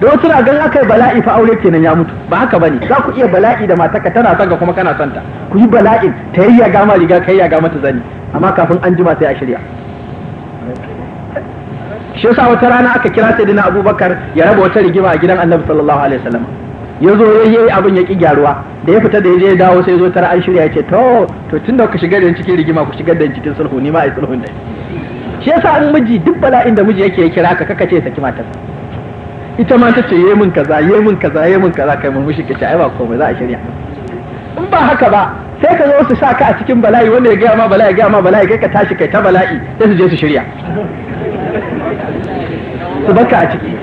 da wasu na gan aka yi bala'i fa aure kenan ya mutu ba haka ne, za ku iya bala'i da matarka tana son ga kuma kana son ta ku yi bala'in ta yi ya gama riga kai ya gama ta zani amma kafin an jima sai a shirya shi yasa wata rana aka kira sai dina abubakar ya raba wata rigima a gidan annabi sallallahu alaihi wasallam ya zo ya yi abin ya ki gyaruwa da ya fita da ya je dawo sai zo tara an shirya ce to to tun da ku shigar da cikin rigima ku shigar da cikin sulhu ni ma ai sulhu ne shi yasa an miji duk bala'in da miji yake ya kira ka kaka ce saki matar ita ma ce, "Yi min kaza yi min kaza yi min kaza kai murmushi ka ce ai ba komai za a shirya in ba haka ba sai ka zo su sa ka a cikin bala'i wanda ya gaya ma bala'i ya gaya ma bala'i kai ka tashi kai ta bala'i sai su je su shirya su baka a ciki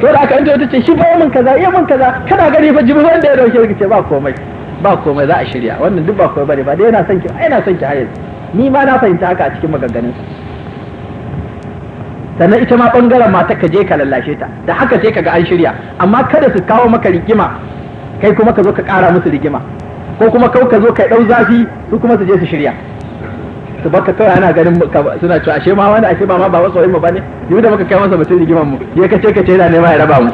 to da aka anta ta ce shi ba mun kaza iya mun kaza kana gani fa jibi wanda ya dauke ki ce ba komai ba komai za a shirya wannan duk ba komai bane ba dai yana son ki yana son ki har ni ma na fahimta haka a cikin maganganun sannan ita ma bangaren mata ka je ka lallashe ta da haka sai ga an shirya amma kada su kawo maka rigima kai kuma ka zo ka kara musu rigima ko kuma kau ka zo ka dau zafi su kuma su je su shirya su baka kawai ana ganin suna cewa ashe ma wani ashe ma ma ba wasu mu ba ne yau da muka kai masa mutum rigima mu ya kace kace yana nema ya raba mu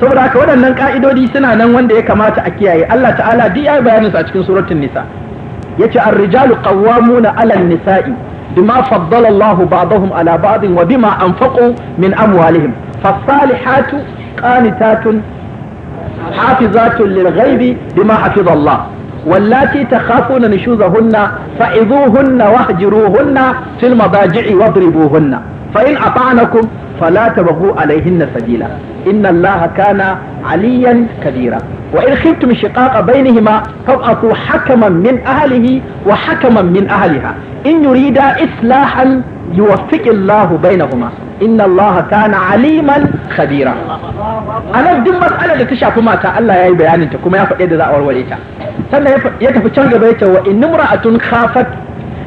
saboda haka waɗannan ka'idodi suna nan wanda ya kamata a kiyaye Allah ta'ala duk ya bayanin a cikin suratul nisa yace ar-rijalu qawwamuna 'ala nisai bima faddala Allahu ba'dahum 'ala ba'din wa bima anfaqu min amwalihim fas-salihatu qanitatun حافظات للغيب بما حفظ الله واللاتي تخافون نشوزهن فإذوهن واهجروهن في المضاجع واضربوهن فإن أطعنكم فلا تبغوا عليهن سبيلا إن الله كان عليا كبيرا وإن خفتم شقاق بينهما فابعثوا حكما من أهله وحكما من أهلها إن يريدا إصلاحا يوفق الله بينهما ان الله كان عليما خبيرا انا دين مساله matsala da ta shafi mata Allah ya bayanin ta kuma ya faɗi da za a warware ta sannan ya tafi can gaba yace wa in imra'atun khafat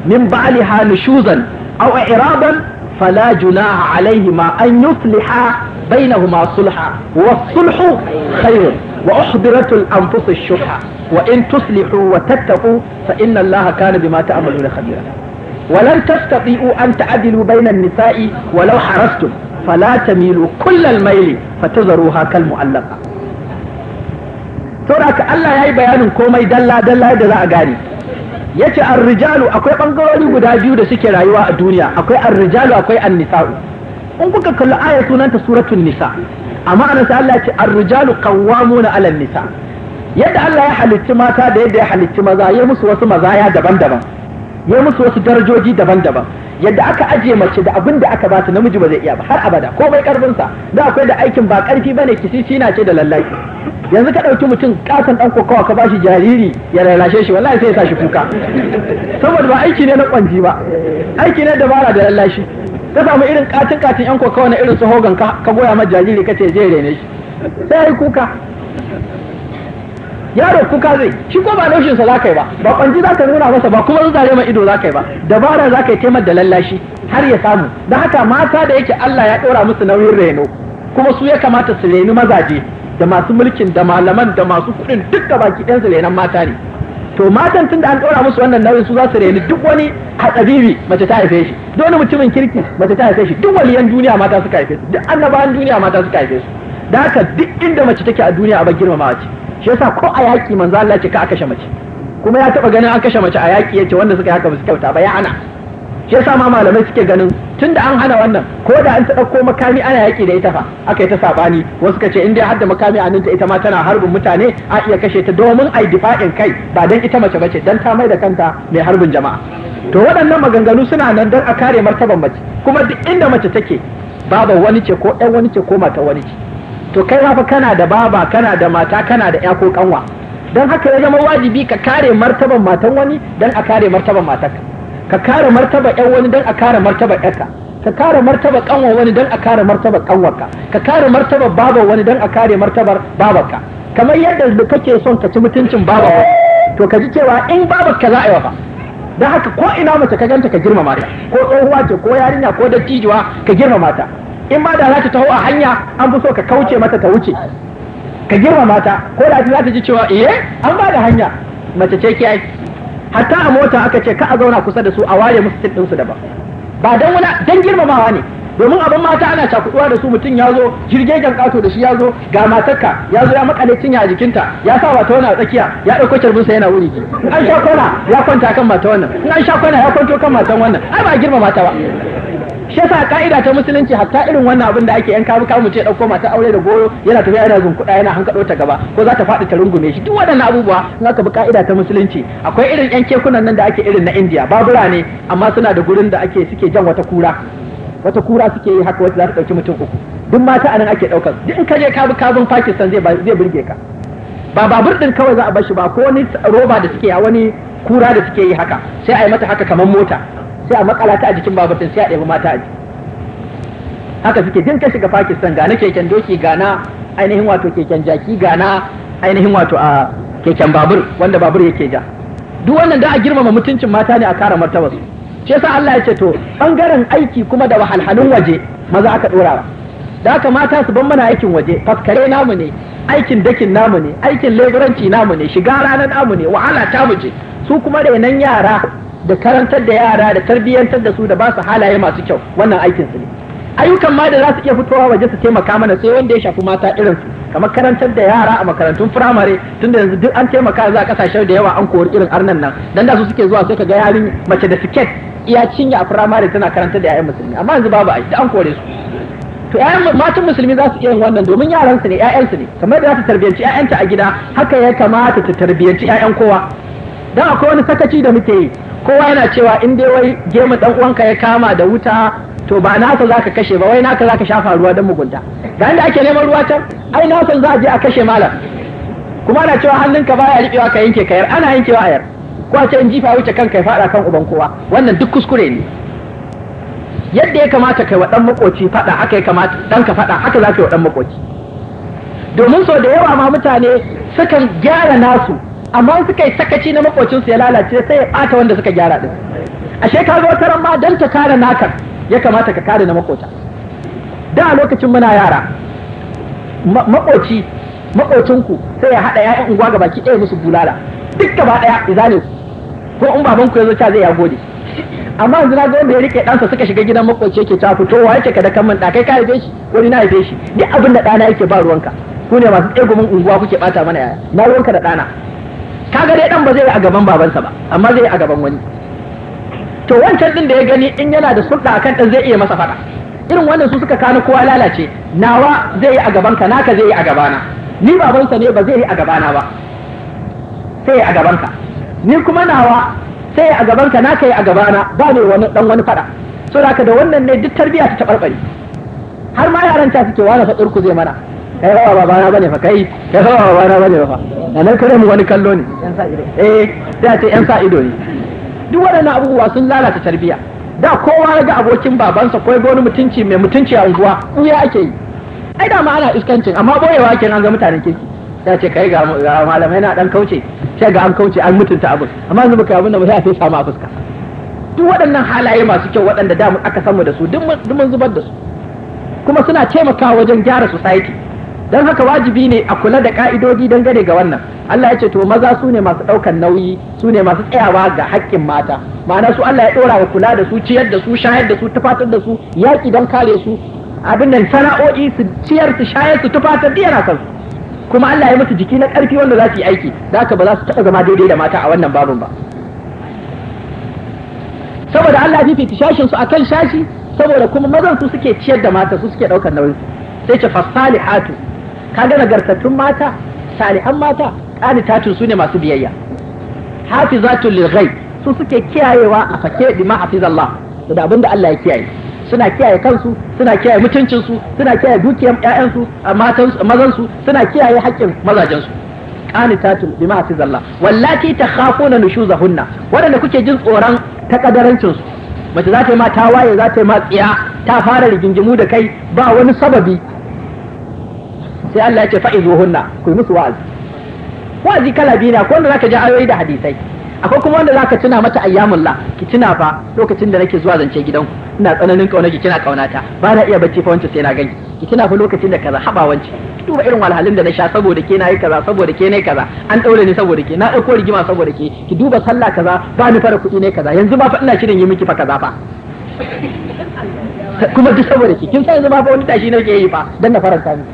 min ba'liha nushuzan aw i'raban fala junaha alayhima an yusliha bainahuma sulha wa sulhu khairun wa uhdiratul anfus ash-shuha wa in tuslihu wa tattaqu fa inna Allah kana bima ta'maluna khabira walan tastati'u an ta'dilu bainan nisa'i walau harastum fala tamilu kullal maili fatazruha kal mu'allaqa saboda haka Allah yayi bayanin komai dalla dalla da za a yace ar-rijalu akwai bangarori guda biyu da suke rayuwa a duniya akwai ar akwai an in kuka kalli ayar sunanta suratul nisa amma anan sai Allah ya ce ar qawwamuna 'ala nisa yadda Allah ya halicci mata da yadda ya halicci maza ya musu wasu mazaya daban-daban ya musu wasu darajoji daban-daban yadda aka ajiye mace da abin da aka ba ta namiji ba zai iya ba har abada ko bai karfin sa da akwai da aikin ba karfi bane kisisi na ce da lallai yanzu ka dauki mutum kasan dan kokawa ka bashi jariri ya lalashe shi wallahi sai ya sa shi kuka saboda ba aiki ne na kwanji ba aiki ne dabara da lallashi ka samu irin katin katin yan kokawa na irin su hogan ka ka goya ma jariri kace je rene shi sai kuka yaro kuka zai shi ko ba naushinsa sa zakai ba ba kwanci za nuna masa ba kuma zare ma ido zakai ba dabara zakai taimar da lallashi har ya samu da haka mata da yake Allah ya dora musu nauyin reno kuma su ya kamata su reni mazaje da masu mulkin da malaman da masu kuɗin duk da baki ɗansu renon mata ne to matan tun an dora musu wannan nauyin su za su reni duk wani hatsabibi mace ta haife shi duk wani mutumin kirki mace ta haife shi duk waliyan duniya mata suka haife su duk annabawan duniya mata suka haife su da haka duk inda mace take a duniya a bar girmama ce shi yasa ko a yaƙi manzo Allah ce ka aka kashe mace kuma ya taɓa ganin an kashe mace a yaƙi yace wanda suka haka ba su kyauta ba ya ana shi yasa ma malamai suke ganin tunda an hana wannan ko da an ta ɗauko makami ana yaƙi da ita fa aka yi ta saɓani wasu ka ce in dai hadda makami a ta ita ma tana harbin mutane a iya kashe ta domin ai difa'in kai ba dan ita mace bace dan ta mai da kanta mai harbin jama'a to waɗannan maganganu suna nan dan a kare martaban mace kuma duk inda mace take babu wani ce ko ɗan wani ce ko mata wani ce to kai fa kana da baba kana da mata kana da ya ko kanwa don haka ya zama wajibi ka kare martaban matan wani don a kare martaban matarka ka kare martaba yan wani don a kare martaba yarka ka kare martaba kanwa wani don a kare martaba kanwarka ka kare martaba baba wani don a kare martabar babarka kamar yadda da kake son ka ci mutuncin baba to ka ji cewa in babarka za a yi wa don haka ko ina mace ka ganta ka girmama ta ko tsohuwa ce ko yarinya ko dattijuwa ka girmama ta in ma da za ta taho a hanya an fi so ka kauce mata ta wuce ka girma mata. ko da za ta ji cewa iye eh, an ba da hanya mace ce ki aiki hatta a mota aka ce ka a zauna kusa da su a ware musu tsin ɗinsu daban ba dan wani dan girmamawa ne domin abin mata ana cakuduwa da su mutum ya zo jirgin kato da shi ya zo ga matarka ya zo ya makale cinya a jikinta ya sa wata wani a tsakiya ya ɗauko carbinsa yana wuri an sha kwana ya kwanta kan mata wannan in an sha kwana ya kwanto kan matan wannan ai ba a girma mata ba shi a ka'ida ta musulunci hatta irin wannan abin da ake yan kabu kabu ce dauko mata aure da goro yana tafiya yana zunkuda yana hankalo ta gaba ko za ta faɗi ta rungume shi duk waɗannan abubuwa in aka bi ka'ida ta musulunci akwai irin yan kekunan nan da ake irin na India babura ne amma suna da gurin da ake suke jan wata kura wata kura suke yi haka wata za ta ɗauki mutum uku duk mata a nan ake ɗaukar duk in ka je kabi-kabin Pakistan zai zai burge ka ba babur din kawai za a bashi ba ko wani roba da suke a wani kura da suke yi haka sai a yi mata haka kamar mota sai a makala ta a jikin babur sai a ɗebi mata a jiki haka suke jin ka shiga Pakistan ga keken doki gana, ainihin wato keken jaki gana, ainihin wato a keken babur wanda babur yake ja duk wannan da a girmama mutuncin mata ne a kara martabarsu shi yasa Allah ya ce to bangaren aiki kuma da wahalhalun waje maza aka dora da haka mata su ban mana aikin waje faskare namu ne aikin dakin namu ne aikin leburanci namu ne shiga ranar namu ne wahala ta muje su kuma da 'yanan yara da karantar da yara da tarbiyyantar da su da ba su halaye masu kyau wannan aikin su ne ayyukan ma da za su iya fitowa waje su taimaka mana sai wanda ya shafi mata irin su kamar karantar da yara a makarantun firamare tunda yanzu duk an taimaka za a kasashe da yawa an kori irin arnan nan dan da su suke zuwa sai ka ga yarin mace da siket iya cinye a firamare tana karantar da 'ya'yan musulmi amma yanzu babu ai an kore su to yayan matan musulmi za su iya wannan domin yaran su ne yayan su ne kamar da za ta tarbiyanci ta a gida haka ya kamata ta tarbiyanci yayan kowa dan akwai wani sakaci da muke yi kowa yana cewa in dai wai gemu dan uwanka ya kama da wuta to ba nasa zaka kashe ba wai naka zaka shafa ruwa dan mugunta ga inda ake neman ruwa can ai nasan za a je a kashe malam kuma ana cewa hannunka baya riƙewa ka yanke kayar ana yankewa ayar ko a ce in jifa wuce kanka ya faɗa kan uban kowa wannan duk kuskure ne yadda ya kamata kai wa dan makoci faɗa haka ya kamata dan ka faɗa haka za yi wa dan makoci domin sau da yawa ma mutane sukan gyara nasu amma suka yi sakaci na makocinsu ya lalace sai ya ɓata wanda suka gyara din ashe ka ga wata ma dan ta kare naka ya kamata ka kare na makota da a lokacin muna yara makoci makocinku sai ya haɗa ya'yan unguwa ga baki ɗaya musu bulala duk gaba ɗaya izale ko in babanku ya zo ta zai ya gode amma yanzu na ga wanda ya rike ɗansa suka shiga gidan makoci yake ta wa yake da kan da kai ka haife shi wani na haife shi duk abin da ɗana yake ba ruwanka ku ne masu tsegumin unguwa kuke ɓata mana yaya na ruwanka da ɗana kaga dai dan ba zai yi a gaban babansa ba amma zai yi a gaban wani to wancan din da ya gani in yana da sulɗa akan dan zai iya masa fada irin wannan su suka kano kowa lalace nawa zai yi a gaban ka naka zai yi a gabana ni babansa ne ba zai yi a gabana ba sai yi a gaban ka ni kuma nawa sai yi a gaban ka naka yi a gabana ba ne wani dan wani fada saboda da da wannan ne duk tarbiya ta tabarbare har ma yaran ta suke wani fadar ku zai mana kai rawa ba bana bane fa kai kai rawa ba bana bane fa nan kare mu wani kallo ne yan sa ido eh sai ce yan sa ido ne duk waɗannan abubuwa sun lalata tarbiyya da kowa ya ga abokin babansa ko ga wani mutunci mai mutunci a unguwa ya ake yi ai da ma ana iskancin amma boyewa ake nan ga mutanen kirki sai ce kai ga malamai na dan kauce sai ga an kauce an mutunta abin amma yanzu baka abin da ba sai a fesa ma a fuska duk waɗannan halaye masu kyau waɗanda da aka samu da su duk mun zubar da su kuma suna taimakawa wajen gyara society dan haka wajibi ne a kula da ka'idodi dangane ga wannan Allah ya ce to maza su ne masu ɗaukan nauyi su ne masu tsayawa ga haƙƙin mata ma'ana su Allah ya ɗora wa kula da su ciyar da su shayar da su tufatar da su yaƙi don kare su abin nan sana'o'i su ciyar su shayar su tufatar da yana kan su kuma Allah ya musu jiki na ƙarfi wanda za su yi aiki da haka ba za su taɓa zama daidai da mata a wannan babin ba saboda Allah ya fifita shashin su akan shashi saboda kuma mazan su suke ciyar da mata su suke ɗaukar nauyi sai ce fasalihatu kaga nagartattun mata salihan mata qanitatun sune masu biyayya hafizatun lil su suke kiyayewa a fake bima hafizallah da da Allah ya kiyaye suna kiyaye kansu suna kiyaye mutuncinsu suna kiyaye dukiyar ƴaƴansu mazan mazansu suna kiyaye haƙƙin mazajensu qanitatun bima hafizallah wallati takhafuna nushuzahunna wadanda kuke jin tsoron takadarancin su mace za ta yi ma ta waye za ta yi ma tsiya ta fara rigingimu da kai ba wani sababi sai Allah ya ce fa'izuhunna ku yi musu wa'azi wa'azi kala biyu ne akwai wanda zaka ji ayoyi da hadisai akwai kuma wanda zaka tuna mata ayyamullah ki tuna fa lokacin da nake zuwa zance gidanku ina tsananin ki kina ta ba na iya bacci fa wancan sai na gani ki tuna fa lokacin da kaza haba wancan duba irin walhalin da na sha saboda ke nayi kaza saboda ke nayi kaza an daure ni saboda ke na dauko rigima saboda ke ki duba sallah kaza ba ni fara kuɗi ne kaza yanzu ma fa ina shirin yi miki fa kaza fa <laughs> kuma duk saboda ke kin san yanzu ba fa wani tashi nake yi fa dan na faranta ni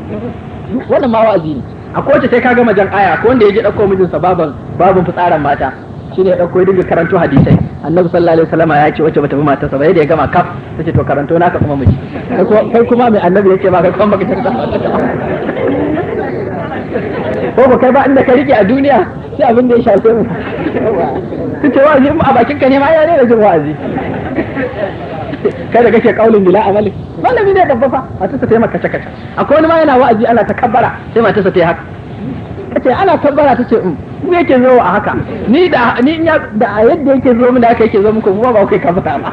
wannan ma wa'azi ne a kowace sai ka gama jan aya ko wanda ya je ɗauko mijinsa baban baban fitsarin mata shi ne ya ɗauko dinga karanto hadisai annabi sallallahu alaihi wasallam ya ce wacce bata bi matarsa ba yadda ya gama kaf ce to karanto naka kuma miji kai kuma mai annabi ya ce ba kai kuma baka tarda ko ba kai ba inda ka rike a duniya sai abin da ya shafe mu kace wa'azi mu a bakin ka ne ma ya ne da jin wa'azi kada kake kaulin bila amali bi ne babba fa matarsa ta yi maka kaca kace akwai wani ma yana wa'azi ana ta kabbara sai matarsa ta yi haka kace ana kabbara ta ce mm, mu yake zo a haka ni da ni da yadda yake zo mun da haka yake zo muku kuma ba kai kafa ta ba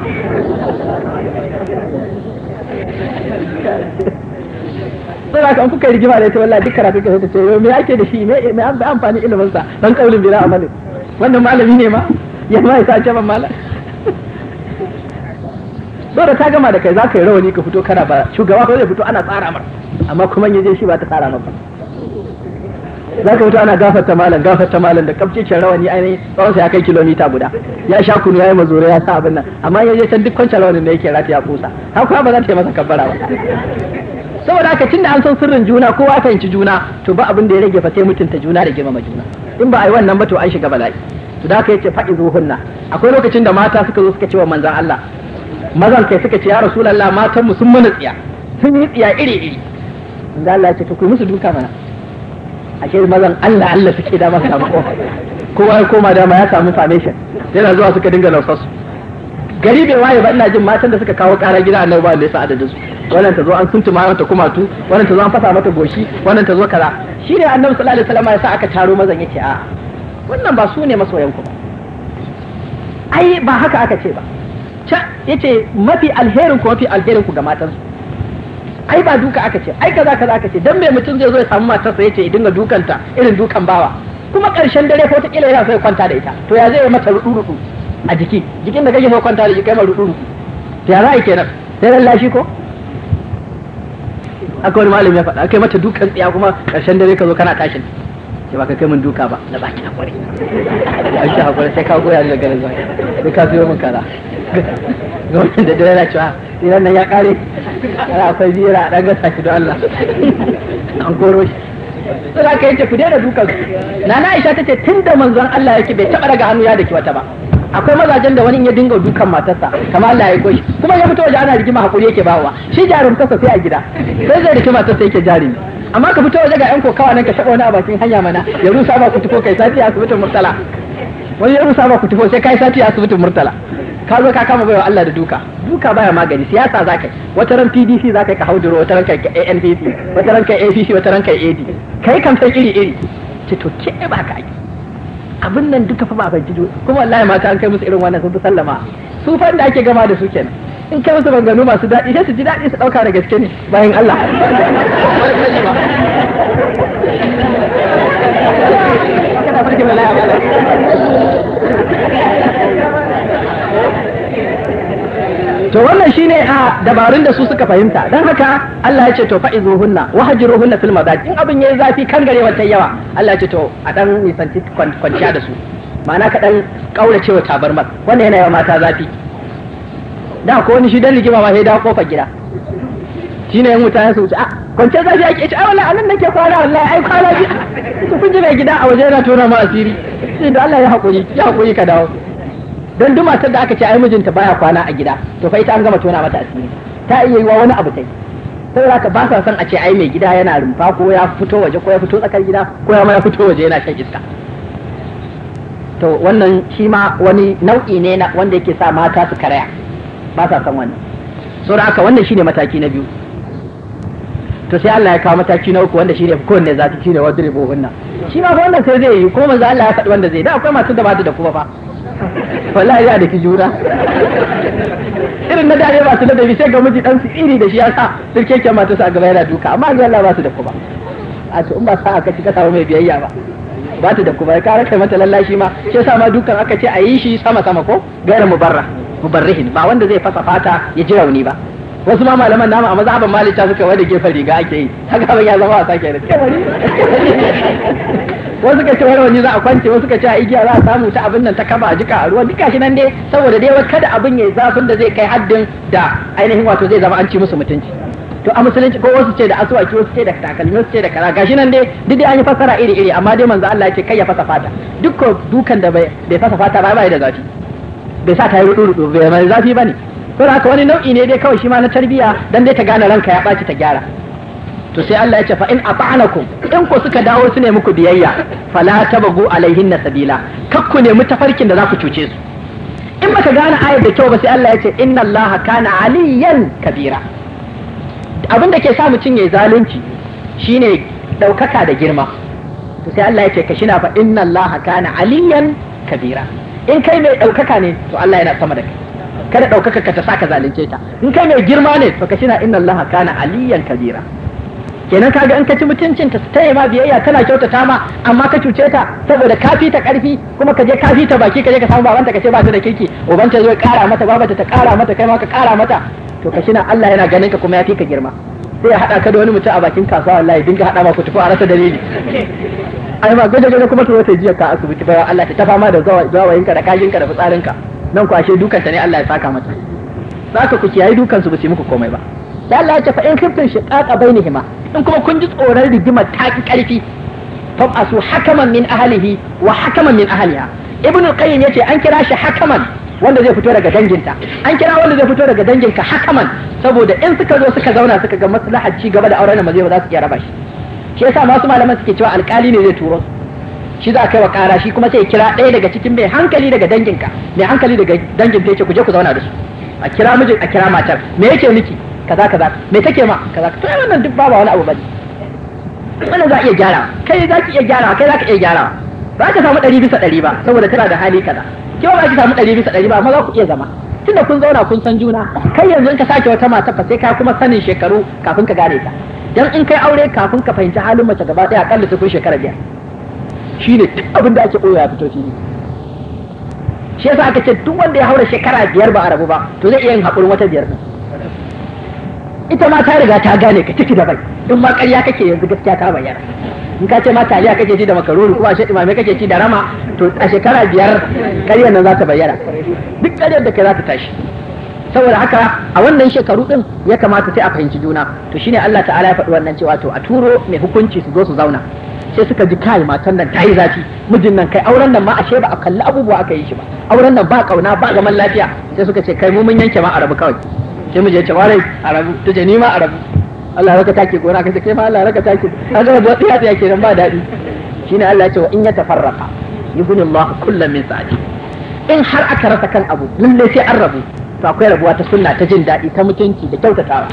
sai ka an kuka rigima da ita wallahi duk karatu kake ta ce me ake da shi me me amfani ilimin sa dan kaulin bila amali wannan malami ne ma yamma ya ce ban malami so da ta gama da kai za ka yi rawani ka fito kana ba shugaba ko zai fito ana tsara mar amma kuma yaje shi ba ta tsara mar za ka fito ana gafarta malam gafarta malam da kafcicin rawani ainihin tsawon sai kai kilomita guda ya sha kunu ya yi mazura ya sa abin nan amma ya can duk kwancin rawanin da yake rati ya kusa har kuma ba za ta yi masa kabbara ba saboda haka tunda an san sirrin juna kowa fahimci juna to ba abin da ya rage fa sai mutunta juna da girmama juna in ba a yi wannan ba to an shiga bala'i to da haka yace faɗi zuhunna akwai lokacin da mata suka zo suka ce wa manzon Allah mazan kai suka ce ya rasulullah matan sun mana tsiya sun yi tsiya iri iri manzo Allah ya ce to ku musu duka mana A ke mazan Allah Allah suke da masa samu kowa ya koma dama ya samu foundation yana zuwa suka dinga lausar su gari bai waye ba ina jin matan da suka kawo kara gida annabi ba da yasa adadin su wannan ta zo an suntuma mata kumatu wannan ta zo an fasa mata goshi wannan ta zo kaza shine annabi sallallahu alaihi wasallam ya sa aka taro mazan yake a'a wannan ba su ne masoyan ku ba ai ba haka aka ce ba yace mafi alherin ku mafi alherin ku ga matansu ai ba duka aka ce ai kaza kaza aka ce dan me mutum zai zo ya samu matarsa ya ce ya dinga dukanta irin dukan bawa kuma ƙarshen dare ko ta kila yana so ya kwanta da ita to ya zai mata rudu a jiki jikin da kake so kwanta da ita kai ma rudu to ya ra'ayi kenan sai lallashi ko akwai wani malami ya faɗa kai mata dukan tsiya kuma ƙarshen dare ka zo kana tashin ce ba ka kai min duka ba na baki hakuri an shi hakuri sai ka goya daga ganin zuwa sai ka zo min kaza gwamnati da dole na cewa idan nan ya kare ana akwai jira a dan gasa shi don Allah an goro. shi sai kai ce ku daina dukan nana Aisha tace tunda manzon Allah yake bai taba daga hannu ya dake wata ba akwai mazajen da wani in ya dinga dukan matarsa kamar Allah ya koshi kuma ya fito waje ana rigima hakuri yake bawa shi jarum sai a gida sai zai rigima matarsa yake jarumi amma ka fito waje ga yan kokawa nan ka shaɓa wani a bakin hanya mana ya rusa ba ku tufo kai sati a asibitin murtala wani ya rusa ba ku tufo sai kai sati a asibitin murtala ka zo ka kama baiwa Allah da duka duka baya magani siyasa za kai. wata ran PDC za ka yi ka wata ran kai ANPC wata ran kai APC wata ran kai AD kai kam san iri iri ce to ke ba ka yi abin nan duka fa ba ban ji kuma wallahi mata an kai musu irin wannan sun fi sallama su fa da ake gama da su kenan in kai musu bangano masu daɗi sai su ji daɗi su ɗauka da gaske ne bayan Allah to wannan shi ne a dabarun da su suka fahimta don haka Allah ya ce to zuhunna, wa hajiruhunna fil madad in abin ya yi zafi kan gare wata yawa Allah ya ce to a ɗan nisanci kwanciya da su ma'ana ka ƙaura cewa tabar mat, wannan yana yawa mata zafi da ko wani shi dan rigima ba sai da kofar gida shine yan mutane su wuce a ah, kwance za shi ake ci ai wallahi anan nake kwana wallahi ai kwana ji su kun ji mai gida a waje yana tona ma asiri sai da Allah ya hakuri ya hakuri ka dawo dan duma, matar da aka ce ai mijinta baya kwana a gida to fa ita an gama tona mata asiri ta iya yiwa wani abu tai saboda ka ba sa son a ce ai mai gida yana rumfa ko ya fito waje ko ya fito tsakar gida ko ya ma ya fito waje yana shan iska to wannan shi ma wani nau'i ne na wanda yake sa mata su karaya ba sa san wannan da aka wannan shine mataki na biyu to sai Allah ya kawo mataki na uku wanda shine kowanne cire wadda ribo hunna shi ma wannan sai zai yi ko manzo Allah ya faɗi wanda zai da akwai masu da ba da kuma fa wallahi ya da ki jura irin na dare ba su da dabi sai ga miji dan su iri da shi ya sa sirkeke mata sa gaba yana duka amma Allah ba su da kuma a to in ba sa aka cika samu mai biyayya ba ba ta da kuma ka raka mata lallashi ma sai sa ma dukan aka ce a yi shi sama sama ko gaira mubarra mubarrihin ba wanda zai fasa fata ya ji rauni ba wasu ma malaman namu a mazhaban malika suka wani gefen riga ake yi haka ba ya zama wasa kenan wasu ka ce wani za a kwance wasu ka ce a igiya za a samu ta abin nan ta kaba a jika a ruwa duka shi nan dai saboda dai kada abin ya yi zafin da zai kai haddin da ainihin wato zai zama an ci musu mutunci to a musulunci ko wasu ce da asuwaki wasu ce da takalmi wasu ce da kara gashi nan dai duk dai an yi fassara iri iri amma dai manzo Allah ya ce kai ya fasa fata duk dukan da bai fasa fata ba bai da zafi bai sa ta yi rudu rudu bai mai zafi bane to haka wani nau'i ne dai kawai shi ma na tarbiya dan dai ta gane ranka ya ɓaci ta gyara to sai Allah ya ce fa in ata'anakum in ku suka dawo su ne muku biyayya fala tabagu alaihin sabila kakku ne mutafarkin da za ku cuce su in baka gane ayar da kyau ba sai Allah ya ce inna Allah kana aliyan kabira abin da ke sa mutum yayi zalunci shine daukaka da girma to sai Allah ya ce ka shina fa inna Allah kana aliyan kabira in kai mai ɗaukaka ne to Allah yana sama da kai kada ɗaukaka ka ta sa ka zalunce ta in kai mai girma ne to ka shina inna Allah kana aliyan kabira kenan kaga in ka ci mutuncin ta ta ma biyayya kana kyautata ma amma ka cuce ta saboda ka ta karfi kuma ka je ka ta baki ka je ka samu babanta ka ce ba ta da kirki ubanta zai kara mata babanta ta kara mata kai ma ka kara mata to ka shina Allah yana ganin ka kuma ya fi ka girma sai ya hada ka da wani mutum a bakin kasuwa wallahi dinga hada ma ku tufa a rasa dalili ai ba gaje gaje kuma to wata jiya ka asibiti bayan Allah ta fama da zawayinka da kajinka da fitsarinka nan ku ashe dukan ta ne Allah ya saka mata zaka ku kiyaye dukan su ba su muku komai ba da Allah ya ce fa in khiftum shiqaqa bainihima in kuma kun ji tsoron rigimar ta ki karfi asu hakaman min ahlihi wa hakaman min ahliha ibnu qayyim yace an kira shi hakaman wanda zai fito daga danginta an kira wanda zai fito daga danginka hakaman saboda in suka zo suka zauna suka ga maslahar ci gaba da auren da ba za su iya raba shi shi yasa masu malaman suke cewa alkali ne zai turo shi za kai wa kara shi kuma sai kira ɗaya daga cikin mai hankali daga danginka mai hankali daga dangin ta yace ku je ku zauna da su a kira mijin a kira matar me yake miki kaza kaza me take ma kaza to wannan duk ba wani abu bane wannan za a iya gyara kai za ki iya gyara kai za ka iya gyara ba ka samu ɗari bisa ɗari ba saboda tana da hali kaza ki ba ki samu ɗari bisa ɗari ba amma za ku iya zama tunda kun zauna kun san juna kai yanzu in ka sake wata mata fa sai ka kuma sanin shekaru kafin ka gane ta dan in kai aure kafin ka fahimci halin mace gaba daya akalla ta kun shekara biyar shine duk abin da ake koya ya fito fili shi yasa aka ce duk wanda ya haura shekara biyar ba a rabu ba to zai iya yin haƙurin wata biyar din ita ma ta riga ta gane ka ciki da bai in ma ƙarya kake yanzu gaskiya ta bayyana in ka ce ma taliya kake ci da makaroni kuma ashe imamai kake ci da rama to a shekara biyar ƙaryar nan za ta bayyana duk ƙaryar da kai za ta tashi saboda haka a wannan shekaru din ya kamata sai a fahimci juna to shine Allah ta'ala ya faɗi wannan cewa to a turo mai hukunci su zo su zauna sai suka ji kai matan nan tayi zafi mijin nan kai auren nan ma ashe ba a kalli abubuwa aka yi shi ba auren nan ba kauna ba zaman lafiya sai suka ce kai mu mun yanke ma arabu kawai sai mu je ce warai arabu tace ni ma arabu Allah raka take gona kace kai ma Allah raka take kaga ba tsiya tsiya kenan ba dadi shine Allah ya ce wa in ya tafarraqa yughni Allah kullam min sa'ati in har aka rasa kan abu lalle sai an rabu to akwai rabuwa ta sunna ta jin daɗi ta mutunci da kyautatawa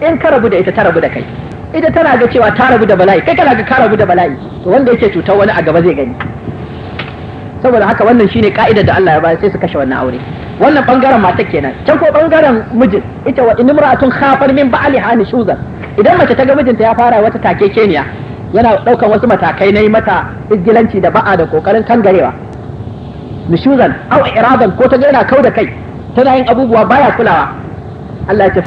in ka rabu da ita ta rabu da kai ita tana ga cewa ta rabu da bala'i kai kana ga ka rabu da bala'i to wanda yake cutar wani a gaba zai gani saboda haka wannan shine ka'idar da Allah ya bayar sai su kashe wannan aure wannan bangaren mata kenan can ko bangaren mijin ita wa in imra'atun khafar min ba'ali hani shuzan idan mace ta ga mijinta ya fara wata take takekeniya yana daukan wasu matakai na yi mata izgilanci da ba'a da kokarin kangarewa nushuzan aw iradan ko ta ga yana kauda kai tana yin abubuwa baya kulawa Allah ce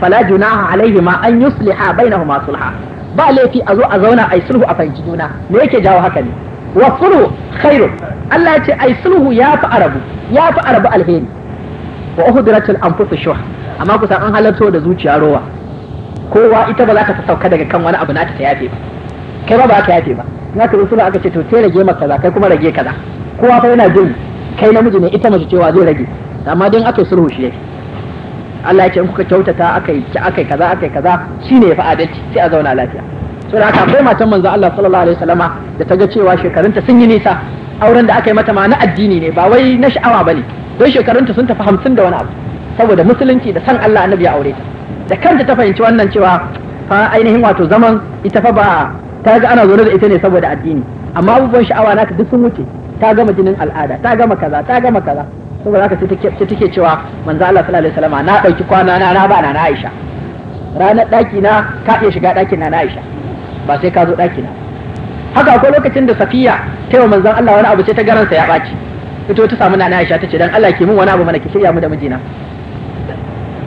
fala junaha alaihima an yusliha bainahuma sulha ba laifi a zo a zauna ai sulhu a fahimci juna me yake jawo haka ne wa sulhu khairu Allah ce ai sulhu ya fi arabu ya fi arabu alheri wa uhdiratul anfusu shuh amma kusan an halarto da zuciya rowa kowa ita ba za ta sauka daga kan wani abu na ta yafe ba kai ba ba ka yafe ba na ka sulhu aka ce to sai rage maka kaza kai kuma rage kaza kowa fa yana jin kai namiji ne ita mace cewa zai rage amma dan aka sulhu shi yake Allah ya ce in kuka kyautata aka yi aka kaza aka kaza shine ya fi adalci sai a zauna lafiya so da haka akwai matan manzo Allah sallallahu alaihi wasallama da ta ga cewa shekarunta sun yi nisa auren da aka yi mata ma na addini ne ba wai na sha'awa bane don shekarunta sun tafi hamsin da wani abu saboda musulunci da san Allah annabi ya aure ta da kanta ta fahimci wannan cewa fa ainihin wato zaman ita fa ba ta ga ana zaune da ita ne saboda addini amma abubuwan sha'awa naka duk sun wuce ta gama jinin al'ada ta gama kaza ta gama kaza saboda haka sai take cewa manzo Allah sallallahu alaihi wasallam na dauki kwana na na ba na Aisha ranar daki na ka iya shiga daki na Aisha ba sai ka zo daki na haka akwai lokacin da Safiya ta yi manzon Allah wani abu sai ta garansa ya baci fito ta samu na Aisha ta ce dan Allah ke min wani abu mana ki shirya mu da mijina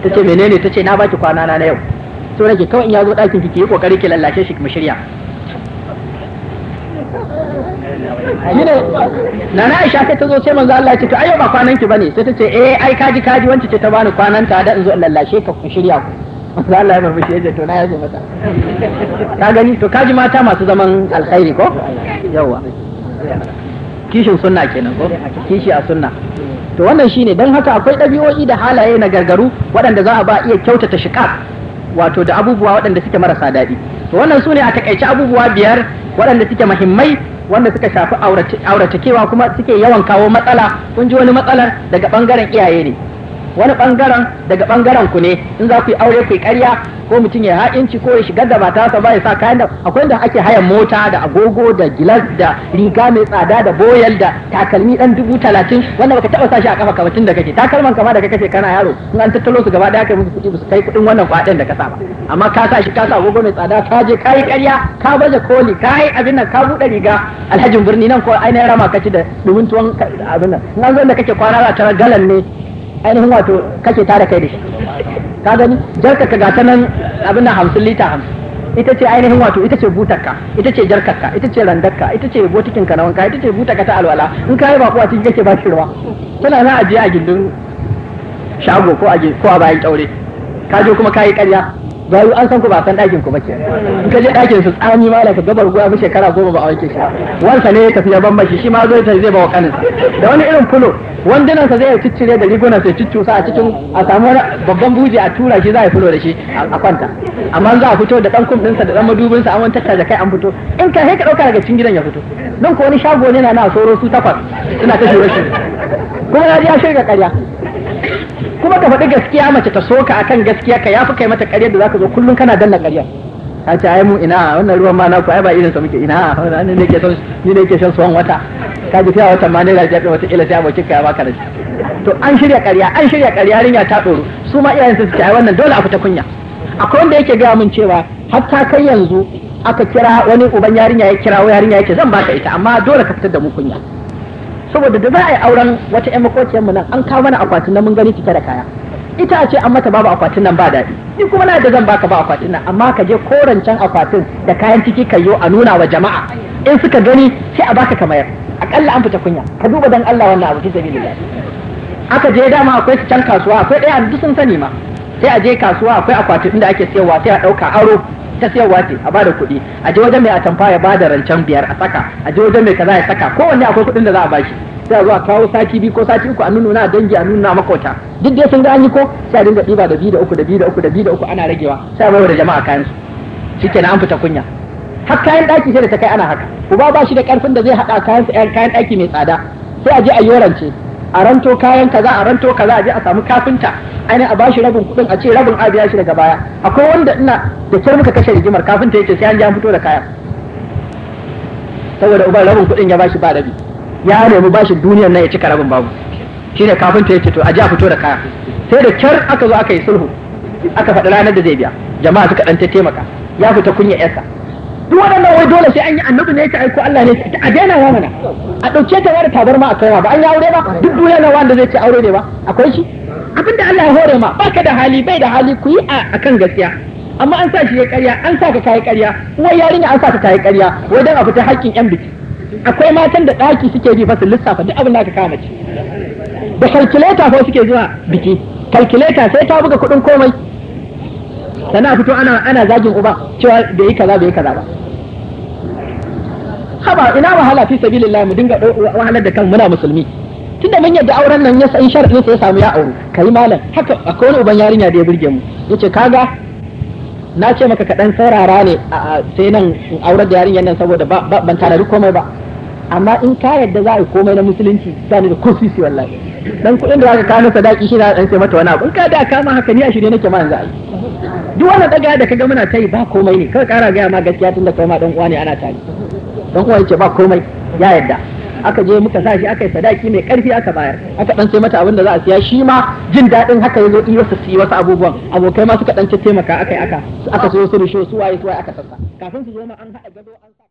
ta ce menene ta na baki kwana na yau so nake kawai in ya zo dakin ki ki yi kokari ki lallashe shi mu shirya shine na aisha ta zo sai manzo Allah ya ce to ayo ba kwanan ki bane sai ta ce eh ai kaji kaji wanda ce ta bani kwanan ta da in zo in lallashe ka ku shirya ku manzo Allah ya murmushi ya to na yazo mata ka gani to kaji mata masu zaman alkhairi ko yawa kishin sunna kenan ko kishi a sunna to wannan shine dan haka akwai dabi'o'i da halaye na gargaru waɗanda za a ba iya kyautata shiƙa wato da abubuwa waɗanda suke marasa daɗi to wannan sune a takaice abubuwa biyar waɗanda suke mahimmai wanda suka shafi auracekewa kuma suke yawan kawo matsala kun ji wani matsalar daga ɓangaren iyaye ne wani bangaren daga bangaren ku ne in za ku yi aure ku yi ƙarya ko mutum ya ha'inci ko ya shigar da mata sa ba ya sa kayan da akwai inda ake hayan mota da agogo da gilas da riga mai tsada da boyal da takalmi dan dubu talatin wanda baka taba sa shi a kafa kabatin da kake takalman kama da kake kana yaro in an tattalo su gaba daya kai musu kuɗi su kai kuɗin wannan kwaɗen da ka sa ba amma ka sa shi ka sa agogo mai tsada ka je ka yi ƙarya ka baje koli ka yi abin nan ka buɗe riga alhajin birni nan ko ainihin rama kaci da dumin tuwon abin nan in an zo da kake kwana za a galan ne ainihin wato kake tara kai da shi ka gani jarka ka gata nan abin da hamsin lita hamsin ita ce ainihin wato ita ce butarka ita ce jarkarka ita ce randarka ita ce botikinka na wanka ita ce butarka ta alwala in ka yi bako a cikin kake ba shi ruwa tana na ajiye a gindin shago ko a bayan kyaure ka je kuma ka yi karya bayu an san ku ba san dakin ku ba ke in ka je dakin su tsami ma laka gabar guwa bi shekara goma ba a wanke shi wansa ne ya tafi ya bambashi shi ma zai ta zai ba wa kanin da wani irin fulo wandunan sa zai ciccire da rigunan sai sa a cikin a samu babban buje a tura shi za a fulo da shi a kwanta amma za a fito da dan kum dinsa da dan madubin sa an wani da kai an fito in ka sai ka ɗauka daga cikin gidan ya fito don ko wani shago ne na na soro su takwas suna ta shi kuma na ji a shirga karya. kuma ka faɗi gaskiya mace ta soka akan gaskiya ka yafi kai mata ƙarya da zaka zo kullum kana danna ƙarya a ce ai mu ina wannan ruwan ma na ku ai ba irin sa muke ina ni ne ke son ni ne ke son son wata ka ji fiya wata ma ne da jabi wata ila sai abokin ka ya baka rashi to an shirya ƙarya an shirya ƙarya yarinya ta tsoro su ma iyayen su ce ai wannan dole a fita kunya akwai wanda yake gaya mun cewa hatta kai yanzu aka kira wani uban yarinya ya kira yarinya ya ce, zan baka ita amma dole ka fitar da mu kunya saboda da za a yi auren wata 'yan makokiyar mu nan an kawo mana akwatin nan mun gani cike da kaya ita a ce an mata babu akwatin nan ba daɗi ni kuma na da zan baka ba akwatin nan amma ka je korancen akwatin da kayan ciki kayyo a nuna wa jama'a in suka gani sai a baka kamar akalla an fita kunya ka duba dan Allah wannan abu fi sabilillah aka je dama akwai su can kasuwa akwai ɗaya duk sun sani ma sai a je kasuwa akwai akwatin da ake sayarwa sai a ɗauka aro ta sayarwa ce a bada kuɗi a je wajen mai atamfa ya bada rancen biyar a saka a je wajen mai kaza ya saka kowanne akwai kuɗin da za a bashi sai a zo a kawo sati biyu ko sati uku a nuna na dangi a nuna makota duk dai sun ga an yi ko sai a dinga ɗiba da biyu da uku da biyu da uku da biyu da uku ana ragewa sai a bayar da jama'a kayan su shikenan an fita kunya har kayan ɗaki sai da ta kai ana haka uba ba shi da ƙarfin da zai haɗa kayan kayan ɗaki mai tsada sai a je a yorance a ranto kayan kaza a ranto kaza a je a samu kafinta ainihin a bashi rabin kuɗin a ce rabin a biya shi daga baya akwai wanda ina da kyar muka kashe rigimar kafinta yake sai an ja fito da kayan saboda uban rabin kuɗin ya bashi ba rabi ya nemi bashin duniyar nan ya cika rabin babu shine kafinta yake to a je a fito da kaya. sai da kyar aka zo aka yi sulhu aka faɗi ranar da zai biya jama'a suka ɗan taimaka ya fita kunya 'yasa. duk waɗannan wai dole sai an yi annabi ne ka aiko Allah ne a daina wa mana a ɗauke ta wani tabarma a kaina ba an yi aure ba duk duniya na wanda zai ci aure ne ba akwai shi abinda Allah ya hore ma baka da hali bai da hali ku yi a kan gaskiya amma an sa shi ya karya an sa ka kayi karya uwar yarinya an sa ka kayi karya wai dan a fita haƙƙin yan biki akwai matan da daki suke bi fasin lissafa duk abin da ka kama ci da kalkuleta fa suke zuwa biki kalkuleta sai ta buga kuɗin komai sannan a fito ana ana zagin uba cewa bai yi kaza bai yi kaza ba haba ina wahala fi sabilillah mu dinga wahalar da kan muna musulmi tunda mun yadda auren nan ya san sharadin sai ya samu ya auru kai malam haka akwai wani uban yarinya da ya burge mu yace kaga na ce maka kaɗan saurara ne sai nan aurar da yarinyar nan saboda ban tanadi komai ba amma in ka yadda za a yi komai na musulunci za ni da kursi su wallahi dan kuɗin da zaka kawo masa daki shi na dan sai mata wani abu in ka da kama haka ni a shirye nake ma yanzu a yi duk wannan daga da kaga muna ta yi ba komai ne kawai kara gaya ma gaskiya tunda kai ma dan uwa ne ana tare dan uwa yace ba komai ya yadda aka je muka sa shi aka yi sadaki mai karfi aka bayar aka dan sai mata abin da za a siya shi ma jin daɗin haka yazo yi wasu su wasu abubuwan abokai ma suka dan taimaka aka yi aka aka so su rushe su waye su waye aka sassa kafin su zo ma an haɗa gado an sa